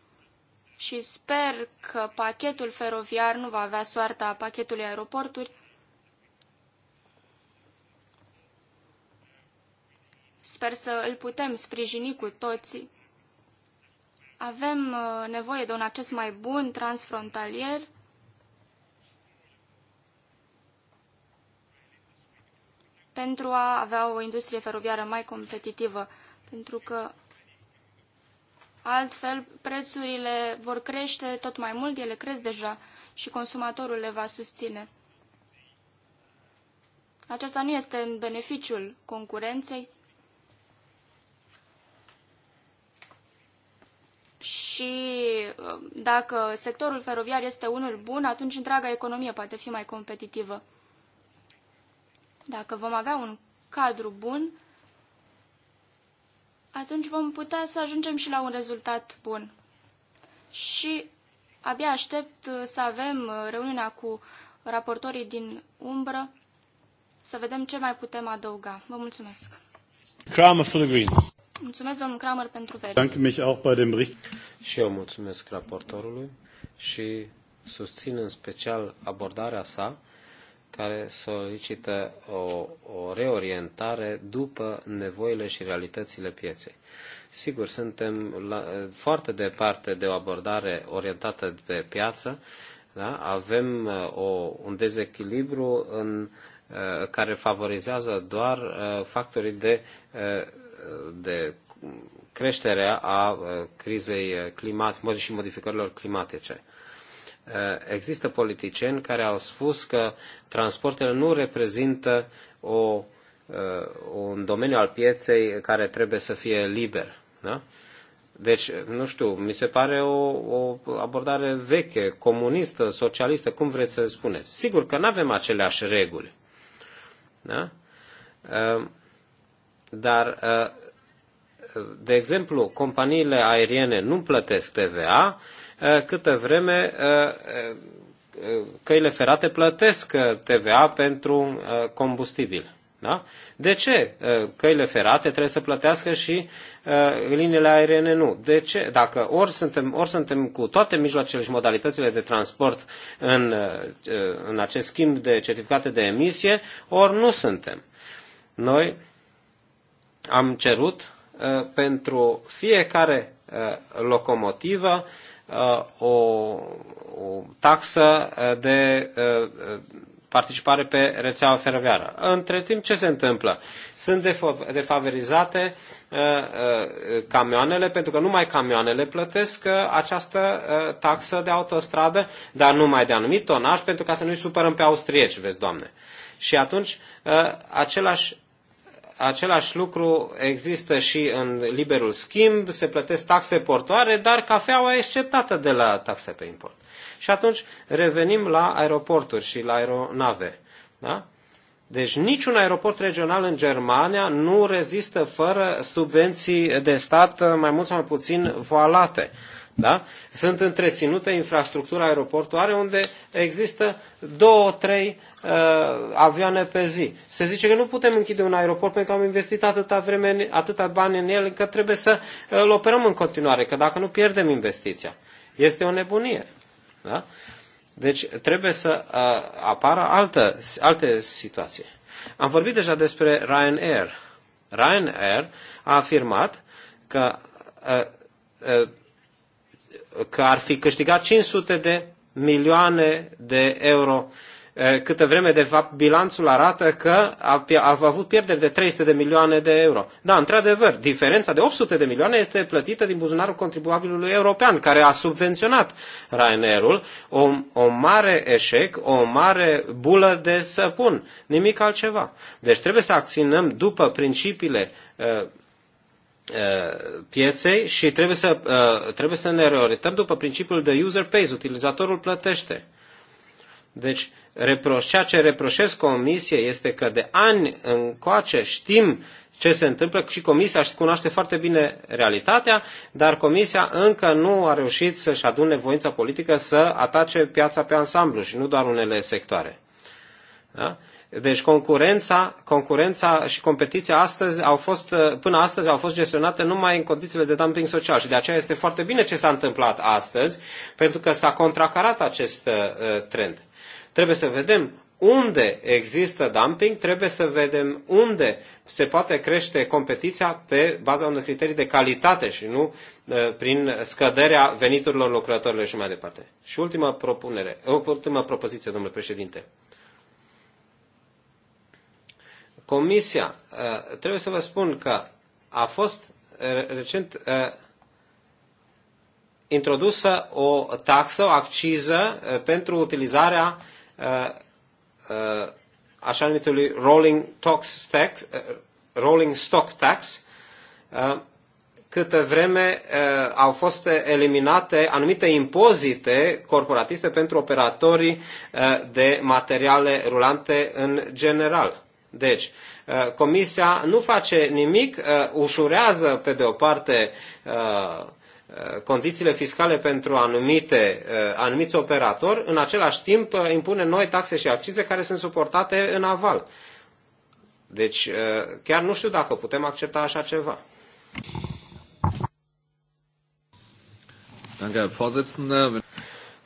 și sper că pachetul feroviar nu va avea soarta pachetului aeroporturi. Sper să îl putem sprijini cu toții. Avem uh, nevoie de un acces mai bun transfrontalier. pentru a avea o industrie feroviară mai competitivă, pentru că Altfel, prețurile vor crește tot mai mult, ele cresc deja și consumatorul le va susține. Aceasta nu este în beneficiul concurenței și uh, dacă sectorul feroviar este unul bun, atunci întreaga economie poate fi mai competitivă. Dacă vom avea un cadru bun, atunci vom putea să ajungem și la un rezultat bun. Și abia aștept uh, să avem uh, reuniunea cu raportorii din umbră, să vedem ce mai putem adăuga. Vă mulțumesc! Kramer for the Greens. Mulțumesc, domnul Kramer, pentru veri. Danke mich auch bei dem Bericht. Și eu mulțumesc raportorului și susțin în special abordarea sa care solicită o, o reorientare după nevoile și realitățile pieței. Sigur, suntem la, foarte departe de o abordare orientată pe piață. Da? Avem uh, o, un dezechilibru în, uh, care favorizează doar uh, factorii de, de creștere a crizei climatice și modificărilor climatice. Eh, există politicieni care au spus că transportele nu reprezintă o, eh, un domeniu al pieței care trebuie să fie liber. Da? Deci, nu știu, mi se pare o, o abordare veche, comunistă, socialistă, cum vreți să spuneți. Sigur că nu avem aceleași reguli. Da? Eh, dar, de exemplu, companiile aeriene nu plătesc TVA, Eh, câtă vreme eh, eh, căile ferate plătesc TVA pentru combustibil. Da? De ce căile ferate trebuie să plătească și liniile aeriene nu? De ce? Dacă ori suntem, ori suntem cu toate mijloacele și modalitățile de transport în, în acest schimb de certificate de emisie, ori nu suntem. Noi am cerut pentru fiecare locomotivă Uh, o, o taxă uh, de uh, participare pe rețeaua feroviară. Între timp, ce se întâmplă? Sunt defavorizate camioanele, pentru că numai camioanele plătesc această taxă de autostradă, dar numai de anumit tonaj, pentru ca să nu-i supărăm pe austrieci, vezi, doamne. Și atunci, același Același lucru există și în liberul schimb, se plătesc taxe portoare, dar cafeaua e exceptată de la taxe pe import. Și atunci revenim la aeroporturi și la aeronave. Da? Deci niciun aeroport regional în Germania nu rezistă fără subvenții de stat mai mult sau mai puțin voalate. Da? Sunt întreținute infrastructura aeroportoare unde există două, trei Uh, avioane pe zi. Se zice că nu putem închide un aeroport pentru că am investit atâta, vreme, atâta bani în el că trebuie să uh, îl operăm în continuare, că dacă nu pierdem investiția. Este o nebunie. Da? Deci trebuie să uh, apară altă, alte situații. Am vorbit deja despre Ryanair. Ryanair a afirmat că, că ar fi câștigat 500 de milioane de euro câtă vreme de fapt bilanțul arată că a, a avut pierderi de 300 de milioane de euro. Da, într-adevăr, diferența de 800 de milioane este plătită din buzunarul contribuabilului european, care a subvenționat Ryanair-ul, o, o mare eșec, o mare bulă de săpun, nimic altceva. Deci trebuie să acționăm după principiile pieței și trebuie să, trebuie să ne reorientăm după principiul de user pays, utilizatorul plătește. Deci, reproș, ceea ce reproșesc comisie este că de ani încoace știm ce se întâmplă și comisia își cunoaște foarte bine realitatea, dar comisia încă nu a reușit să-și adune voința politică să atace piața pe ansamblu și nu doar unele sectoare. Da? Deci concurența, concurența și competiția astăzi au fost, până astăzi au fost gestionate numai în condițiile de dumping social și de aceea este foarte bine ce s-a întâmplat astăzi pentru că s-a contracarat acest uh, trend. Trebuie să vedem unde există dumping, trebuie să vedem unde se poate crește competiția pe baza unor criterii de calitate și nu uh, prin scăderea veniturilor lucrătorilor și mai departe. Și ultima propunere, ultima propoziție, domnule președinte. Comisia, uh, trebuie să vă spun că a fost uh, recent introdusă o taxă, o acciză pentru utilizarea uh, Uh, uh, așa numitului rolling, tax, tax, uh, rolling stock tax, câtă vreme uh, au fost eliminate anumite impozite corporatiste pentru operatorii uh, de materiale rulante în general. Deci, uh, Comisia nu face nimic, uh, ușurează pe de o parte uh, Uh, condițiile fiscale pentru anumite, uh, anumiți operatori, în același timp uh, impune noi taxe și accize care sunt suportate în aval. Deci chiar nu știu dacă putem accepta așa ceva.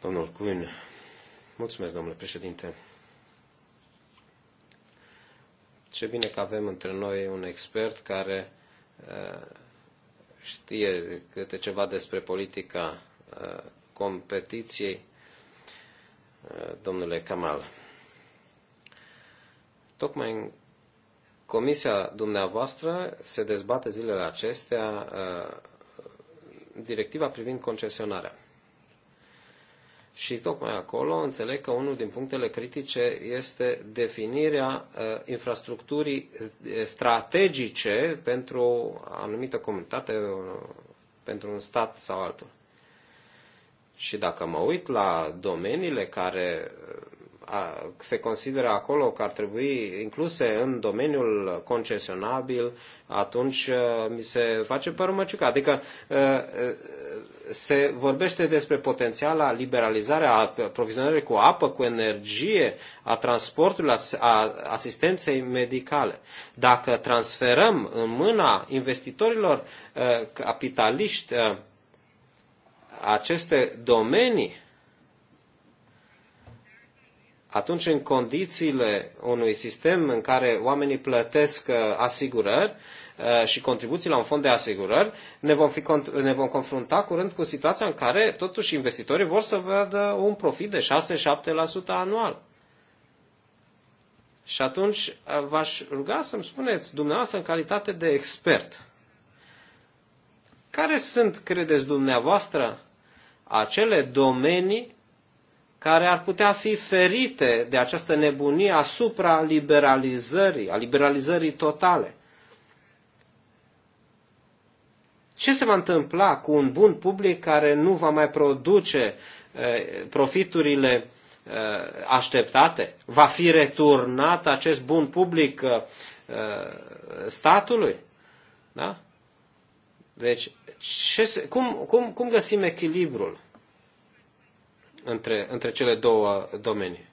Domnul Kuhn. Mulțumesc, domnule președinte. Ce bine că avem între noi un expert care știe câte ceva despre politica uh, competiției, uh, domnule Kamal. Tocmai în comisia dumneavoastră se dezbate zilele acestea uh, directiva privind concesionarea. Și tocmai acolo înțeleg că unul din punctele critice este definirea uh, infrastructurii uh, strategice pentru o anumită comunitate, uh, pentru un stat sau altul. Și dacă mă uit la domeniile care se consideră acolo că ar trebui incluse în domeniul concesionabil, atunci mi se face părmăciuca. Adică se vorbește despre potențiala liberalizare a aprovizionării cu apă, cu energie, a transportului, a asistenței medicale. Dacă transferăm în mâna investitorilor uh, capitaliști uh, aceste domenii, atunci în condițiile unui sistem în care oamenii plătesc uh, asigurări, uh, Eh, și contribuții la un fond de asigurări, ne vom, fi, ne vom confrunta curând cu situația în care totuși investitorii vor să vadă un profit de 6-7% anual. Și atunci eh, v-aș ruga să-mi spuneți, dumneavoastră, în calitate de expert, care sunt, credeți dumneavoastră, acele domenii care ar putea fi ferite de această nebunie asupra liberalizării, a liberalizării totale? Ce se va întâmpla cu un bun public care nu va mai produce eh, profiturile eh, așteptate? Va fi returnat acest bun public eh, statului? Da? Deci, ce se, cum, cum, cum găsim echilibrul între, între cele două domenii?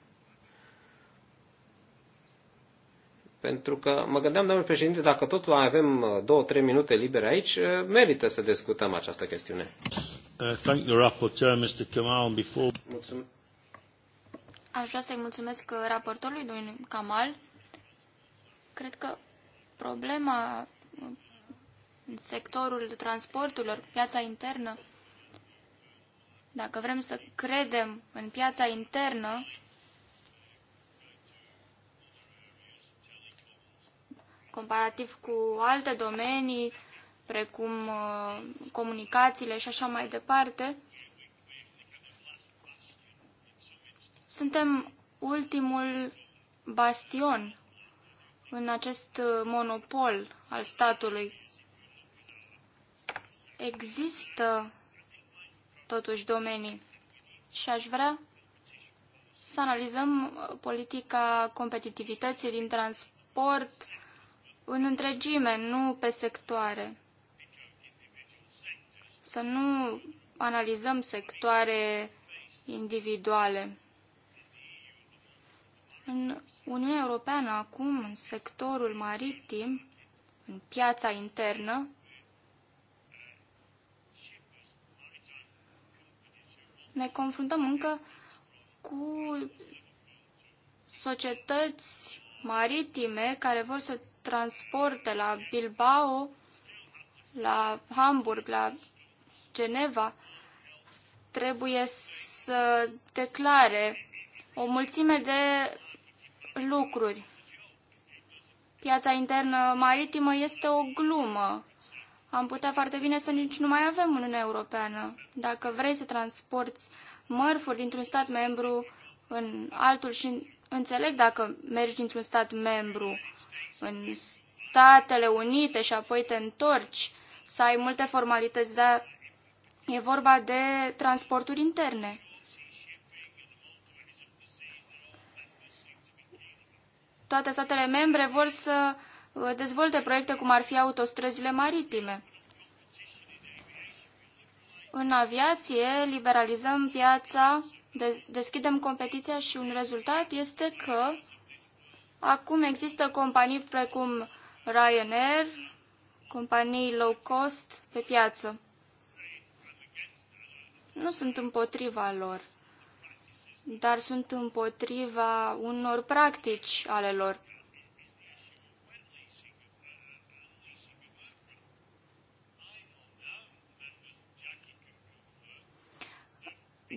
Pentru că mă gândeam, domnule președinte, dacă tot avem uh, două, trei minute libere aici, uh, merită să discutăm această chestiune. Uh, thank the rapporteur, Mr. Kamal, before... Mulțumesc. Aș vrea să-i mulțumesc raportorului, domnul Kamal. Cred că problema în sectorul transporturilor, piața internă, dacă vrem să credem în piața internă, comparativ cu alte domenii, precum uh, comunicațiile și așa mai departe, suntem ultimul bastion în acest uh, monopol al statului. Există totuși domenii și aș vrea să analizăm uh, politica competitivității din transport, în întregime, nu pe sectoare. Să nu analizăm sectoare individuale. În Uniunea Europeană, acum, în sectorul maritim, în piața internă, ne confruntăm încă cu societăți maritime care vor să transporte la Bilbao la Hamburg, la Geneva, trebuie să declare o mulțime de lucruri. Piața internă maritimă este o glumă. Am putea foarte bine să nici nu mai avem Uniunea Europeană. Dacă vrei să transporti mărfuri dintr-un stat membru în altul și Înțeleg dacă mergi dintr-un stat membru în Statele Unite și apoi te întorci, să ai multe formalități, dar e vorba de transporturi interne. Toate statele membre vor să uh, dezvolte proiecte cum ar fi autostrăzile maritime. În aviație liberalizăm piața de- deschidem competiția și un rezultat este că acum există companii precum Ryanair, companii low cost pe piață. Nu sunt împotriva lor, dar sunt împotriva unor practici ale lor.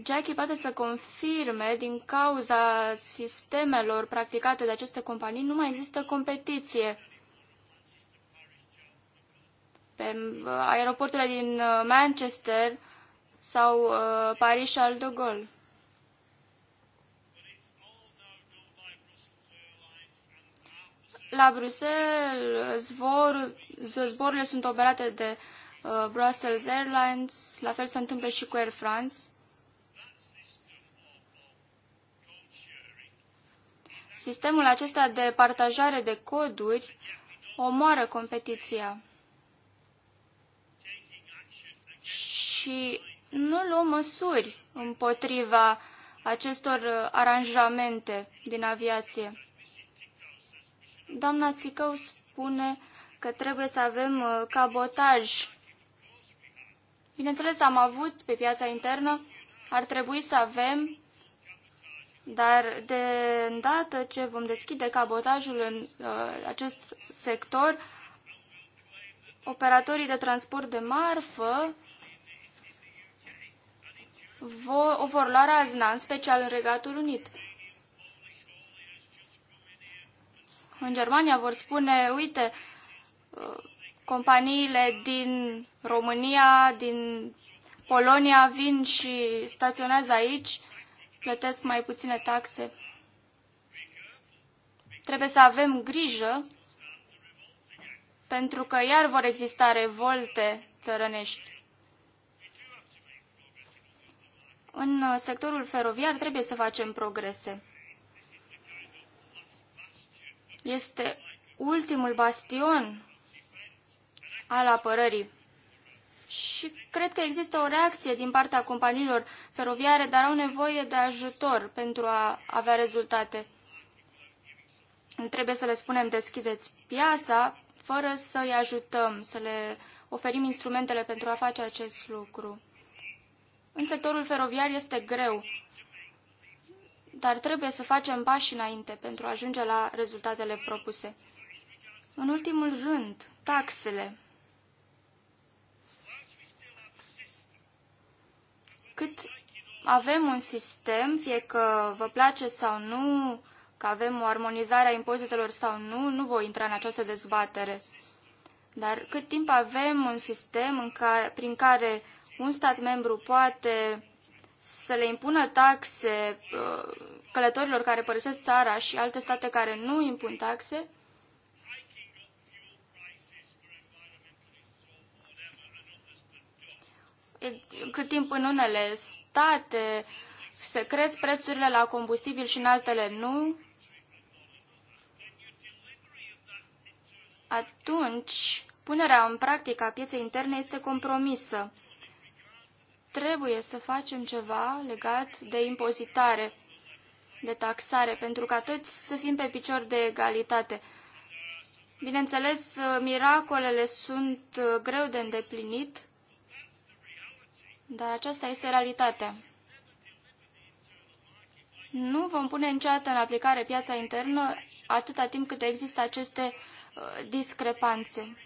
Jackie poate să confirme, din cauza sistemelor practicate de aceste companii, nu mai există competiție. Pe uh, aeroporturile din uh, Manchester sau uh, Paris Charles de Gaulle. La Bruxelles, zbor, zborurile sunt operate de uh, Brussels Airlines, la fel se întâmplă și cu Air France. Sistemul acesta de partajare de coduri omoară competiția. Și nu luăm măsuri împotriva acestor aranjamente din aviație. Doamna Țicău spune că trebuie să avem uh, cabotaj. Bineînțeles, am avut pe piața internă, ar trebui să avem dar de îndată ce vom deschide cabotajul în uh, acest sector, operatorii de transport de marfă vo, o vor lua razna, în special în Regatul Unit. În Germania vor spune, uite, uh, companiile din România, din Polonia vin și staționează aici, plătesc mai puține taxe. Trebuie să avem grijă pentru că iar vor exista revolte țărănești. În sectorul feroviar trebuie să facem progrese. Este ultimul bastion al apărării și Cred că există o reacție din partea companiilor feroviare, dar au nevoie de ajutor pentru a avea rezultate. Trebuie să le spunem deschideți piața, fără să îi ajutăm, să le oferim instrumentele pentru a face acest lucru. În sectorul feroviar este greu, dar trebuie să facem pași înainte pentru a ajunge la rezultatele propuse. În ultimul rând, taxele. cât avem un sistem, fie că vă place sau nu, că avem o armonizare a impozitelor sau nu, nu voi intra în această dezbatere. Dar cât timp avem un sistem în care, prin care un stat membru poate să le impună taxe uh, călătorilor care părăsesc țara și alte state care nu impun taxe, cât timp în unele state se cresc prețurile la combustibil și în altele nu, atunci punerea în practică a pieței interne este compromisă. Trebuie să facem ceva legat de impozitare, de taxare, pentru ca toți să fim pe picior de egalitate. Bineînțeles, miracolele sunt uh, greu de îndeplinit, dar aceasta este realitatea. Nu vom pune niciodată în aplicare piața internă atâta timp cât există aceste uh, discrepanțe.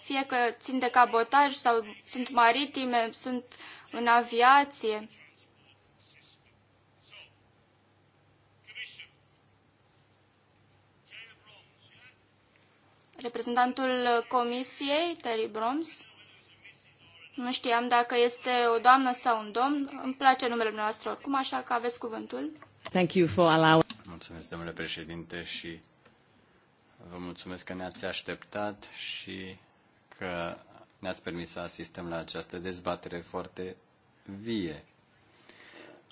Fie că țin de cabotaj sau sunt maritime, sunt în aviație. Reprezentantul Comisiei, Terry Broms, nu știam dacă este o doamnă sau un domn. Îmi place numele noastră oricum, așa că aveți cuvântul. Thank you for allowing... Mulțumesc, domnule președinte, și vă mulțumesc că ne-ați așteptat și că ne-ați permis să asistăm la această dezbatere foarte vie.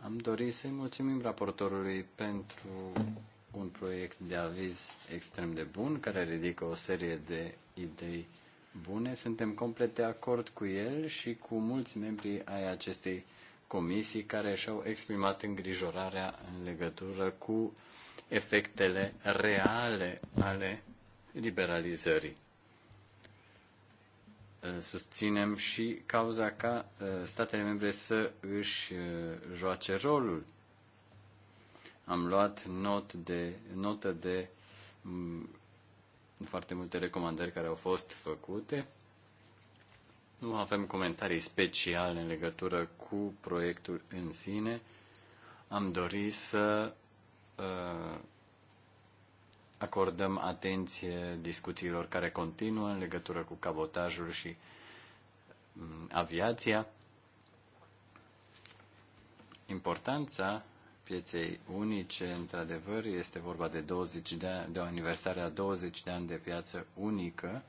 Am dorit să-i mulțumim raportorului pentru un proiect de aviz extrem de bun, care ridică o serie de idei bune. Suntem complet de acord cu el și cu mulți membri ai acestei comisii care și-au exprimat îngrijorarea în legătură cu efectele reale ale liberalizării. Susținem și cauza ca uh, statele membre să își uh, joace rolul. Am luat not de, notă de mm, foarte multe recomandări care au fost făcute. Nu avem comentarii speciale în legătură cu proiectul în sine. Am dorit să uh, acordăm atenție discuțiilor care continuă în legătură cu cabotajul și um, aviația. Importanța pieței unice, într-adevăr, este vorba de, 20 de, ani, de o aniversare a 20 de ani de piață unică.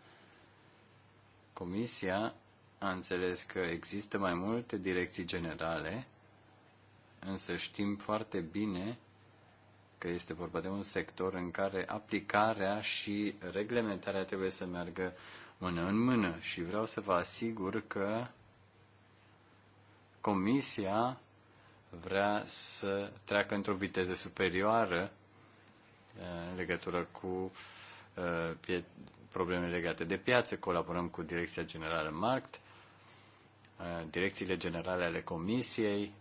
Comisia a înțeles că există mai multe direcții generale, însă știm foarte bine că este vorba de un sector în care aplicarea și reglementarea trebuie să meargă mână în mână și vreau să vă asigur că Comisia vrea să treacă într-o viteză superioară uh, în legătură cu uh, probleme legate de piață. Colaborăm cu Direcția Generală Markt, uh, direcțiile generale ale Comisiei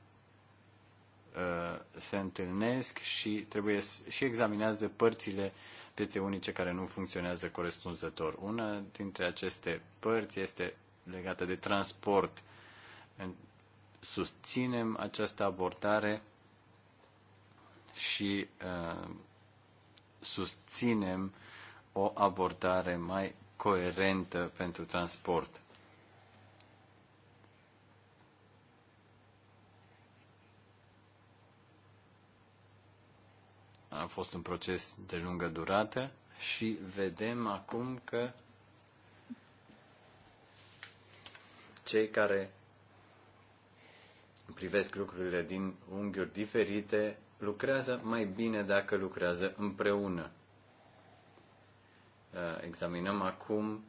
se întâlnesc și trebuie și examinează părțile pieței unice care nu funcționează corespunzător. Una dintre aceste părți este legată de transport susținem această abordare și uh, susținem o abordare mai coerentă pentru transport. A fost un proces de lungă durată și vedem acum că cei care privesc lucrurile din unghiuri diferite, lucrează mai bine dacă lucrează împreună. Uh, examinăm acum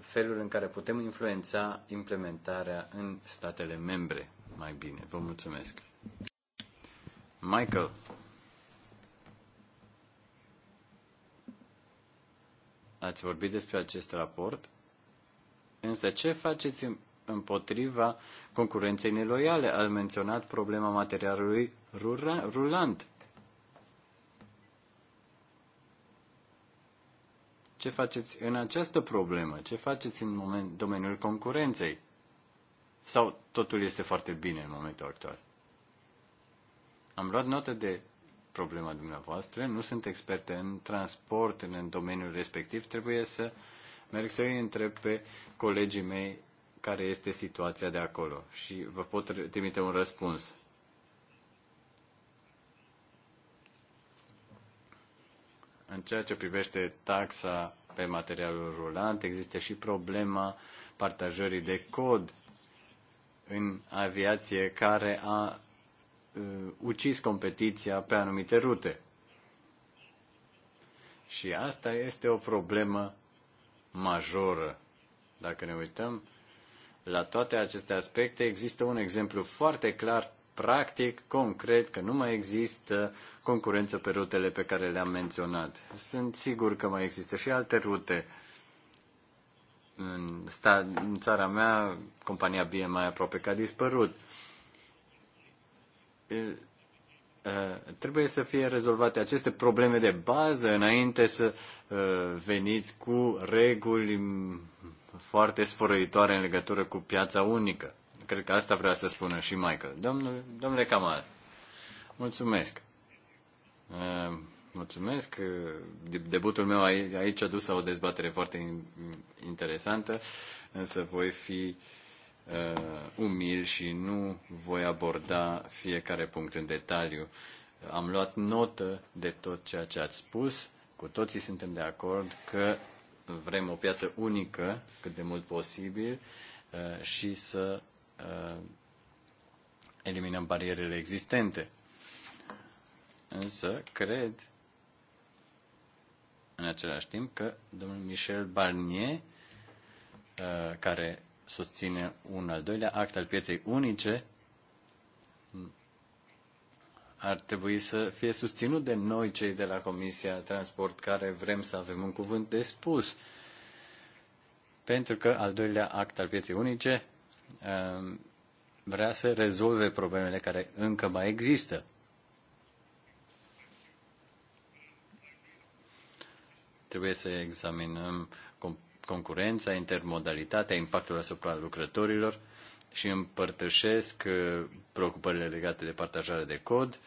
felul în care putem influența implementarea în statele membre mai bine. Vă mulțumesc. Michael. Ați vorbit despre acest raport, însă ce faceți împotriva concurenței neloiale. Al menționat problema materialului rulant. Ce faceți în această problemă? Ce faceți în moment, domeniul concurenței? Sau totul este foarte bine în momentul actual? Am luat notă de problema dumneavoastră, nu sunt experte în transport, în domeniul respectiv, trebuie să merg să îi întreb pe colegii mei care este situația de acolo și vă pot trimite un răspuns. În ceea ce privește taxa pe materialul rulant, există și problema partajării de cod în aviație care a uh, ucis competiția pe anumite rute. Și asta este o problemă majoră. Dacă ne uităm la toate aceste aspecte există un exemplu foarte clar, practic, concret, că nu mai există concurență pe rutele pe care le-am menționat. Sunt sigur că mai există și alte rute. În, sta, în țara mea, compania BMI aproape că a dispărut trebuie să fie rezolvate aceste probleme de bază înainte să veniți cu reguli foarte sfărăitoare în legătură cu piața unică. Cred că asta vrea să spună și Michael. Domnule, domnule Kamal, mulțumesc. Uh, mulțumesc. Uh, debutul meu aici a dus la o dezbatere foarte interesantă, însă voi fi uh, umil și nu voi aborda fiecare punct în detaliu. Am luat notă de tot ceea ce ați spus. Cu toții suntem de acord că vrem o piață unică cât de mult posibil uh, și să uh, eliminăm barierele existente. Însă, cred în același timp că domnul Michel Barnier, uh, care susține un al doilea act al pieței unice, ar trebui să fie susținut de noi, cei de la Comisia Transport, care vrem să avem un cuvânt de spus. Pentru că al doilea act al pieței unice um, vrea să rezolve problemele care încă mai există. Trebuie să examinăm concurența, intermodalitatea, impactul asupra lucrătorilor, și împărtășesc uh, preocupările legate de partajarea de cod,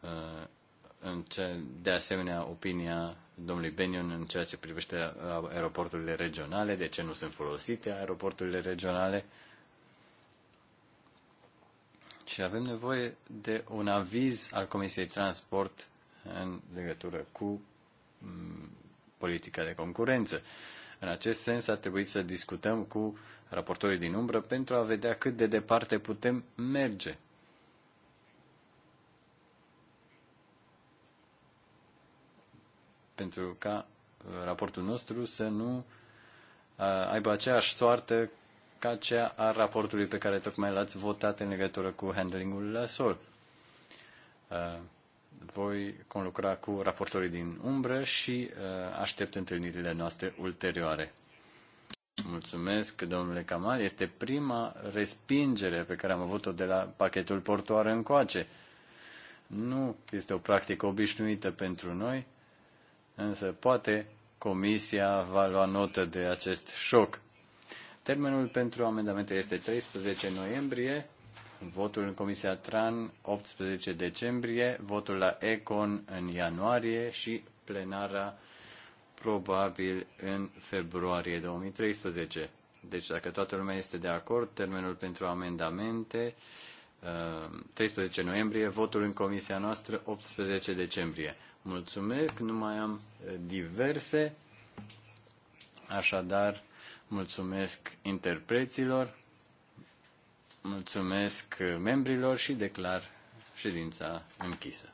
uh, de asemenea opinia domnului Benion în ceea ce privește uh, aeroporturile regionale, de ce nu sunt folosite aeroporturile regionale. Și avem nevoie de un aviz al Comisiei Transport în legătură cu mm, politica de concurență. Uh, în acest sens a trebuit să discutăm cu raportorii din umbră pentru a vedea cât de departe putem merge. Pentru ca uh, raportul nostru să nu uh, aibă aceeași soartă ca cea a raportului pe care tocmai l-ați votat în legătură cu handlingul la sol. Uh, voi conlucra cu raportorii din umbră și uh, aștept întâlnirile noastre ulterioare. Mulțumesc, domnule Camal. Este prima respingere pe care am avut-o de la pachetul portoar încoace. Nu este o practică obișnuită pentru noi, însă poate Comisia va lua notă de acest șoc. Termenul pentru amendamente este 13 noiembrie votul în Comisia TRAN 18 decembrie, votul la ECON în ianuarie și plenara probabil în februarie 2013. Deci dacă toată lumea este de acord, termenul pentru amendamente 13 uh, noiembrie, votul în comisia noastră 18 decembrie. Mulțumesc, nu mai am uh, diverse, așadar mulțumesc interpreților Mulțumesc membrilor și declar ședința închisă.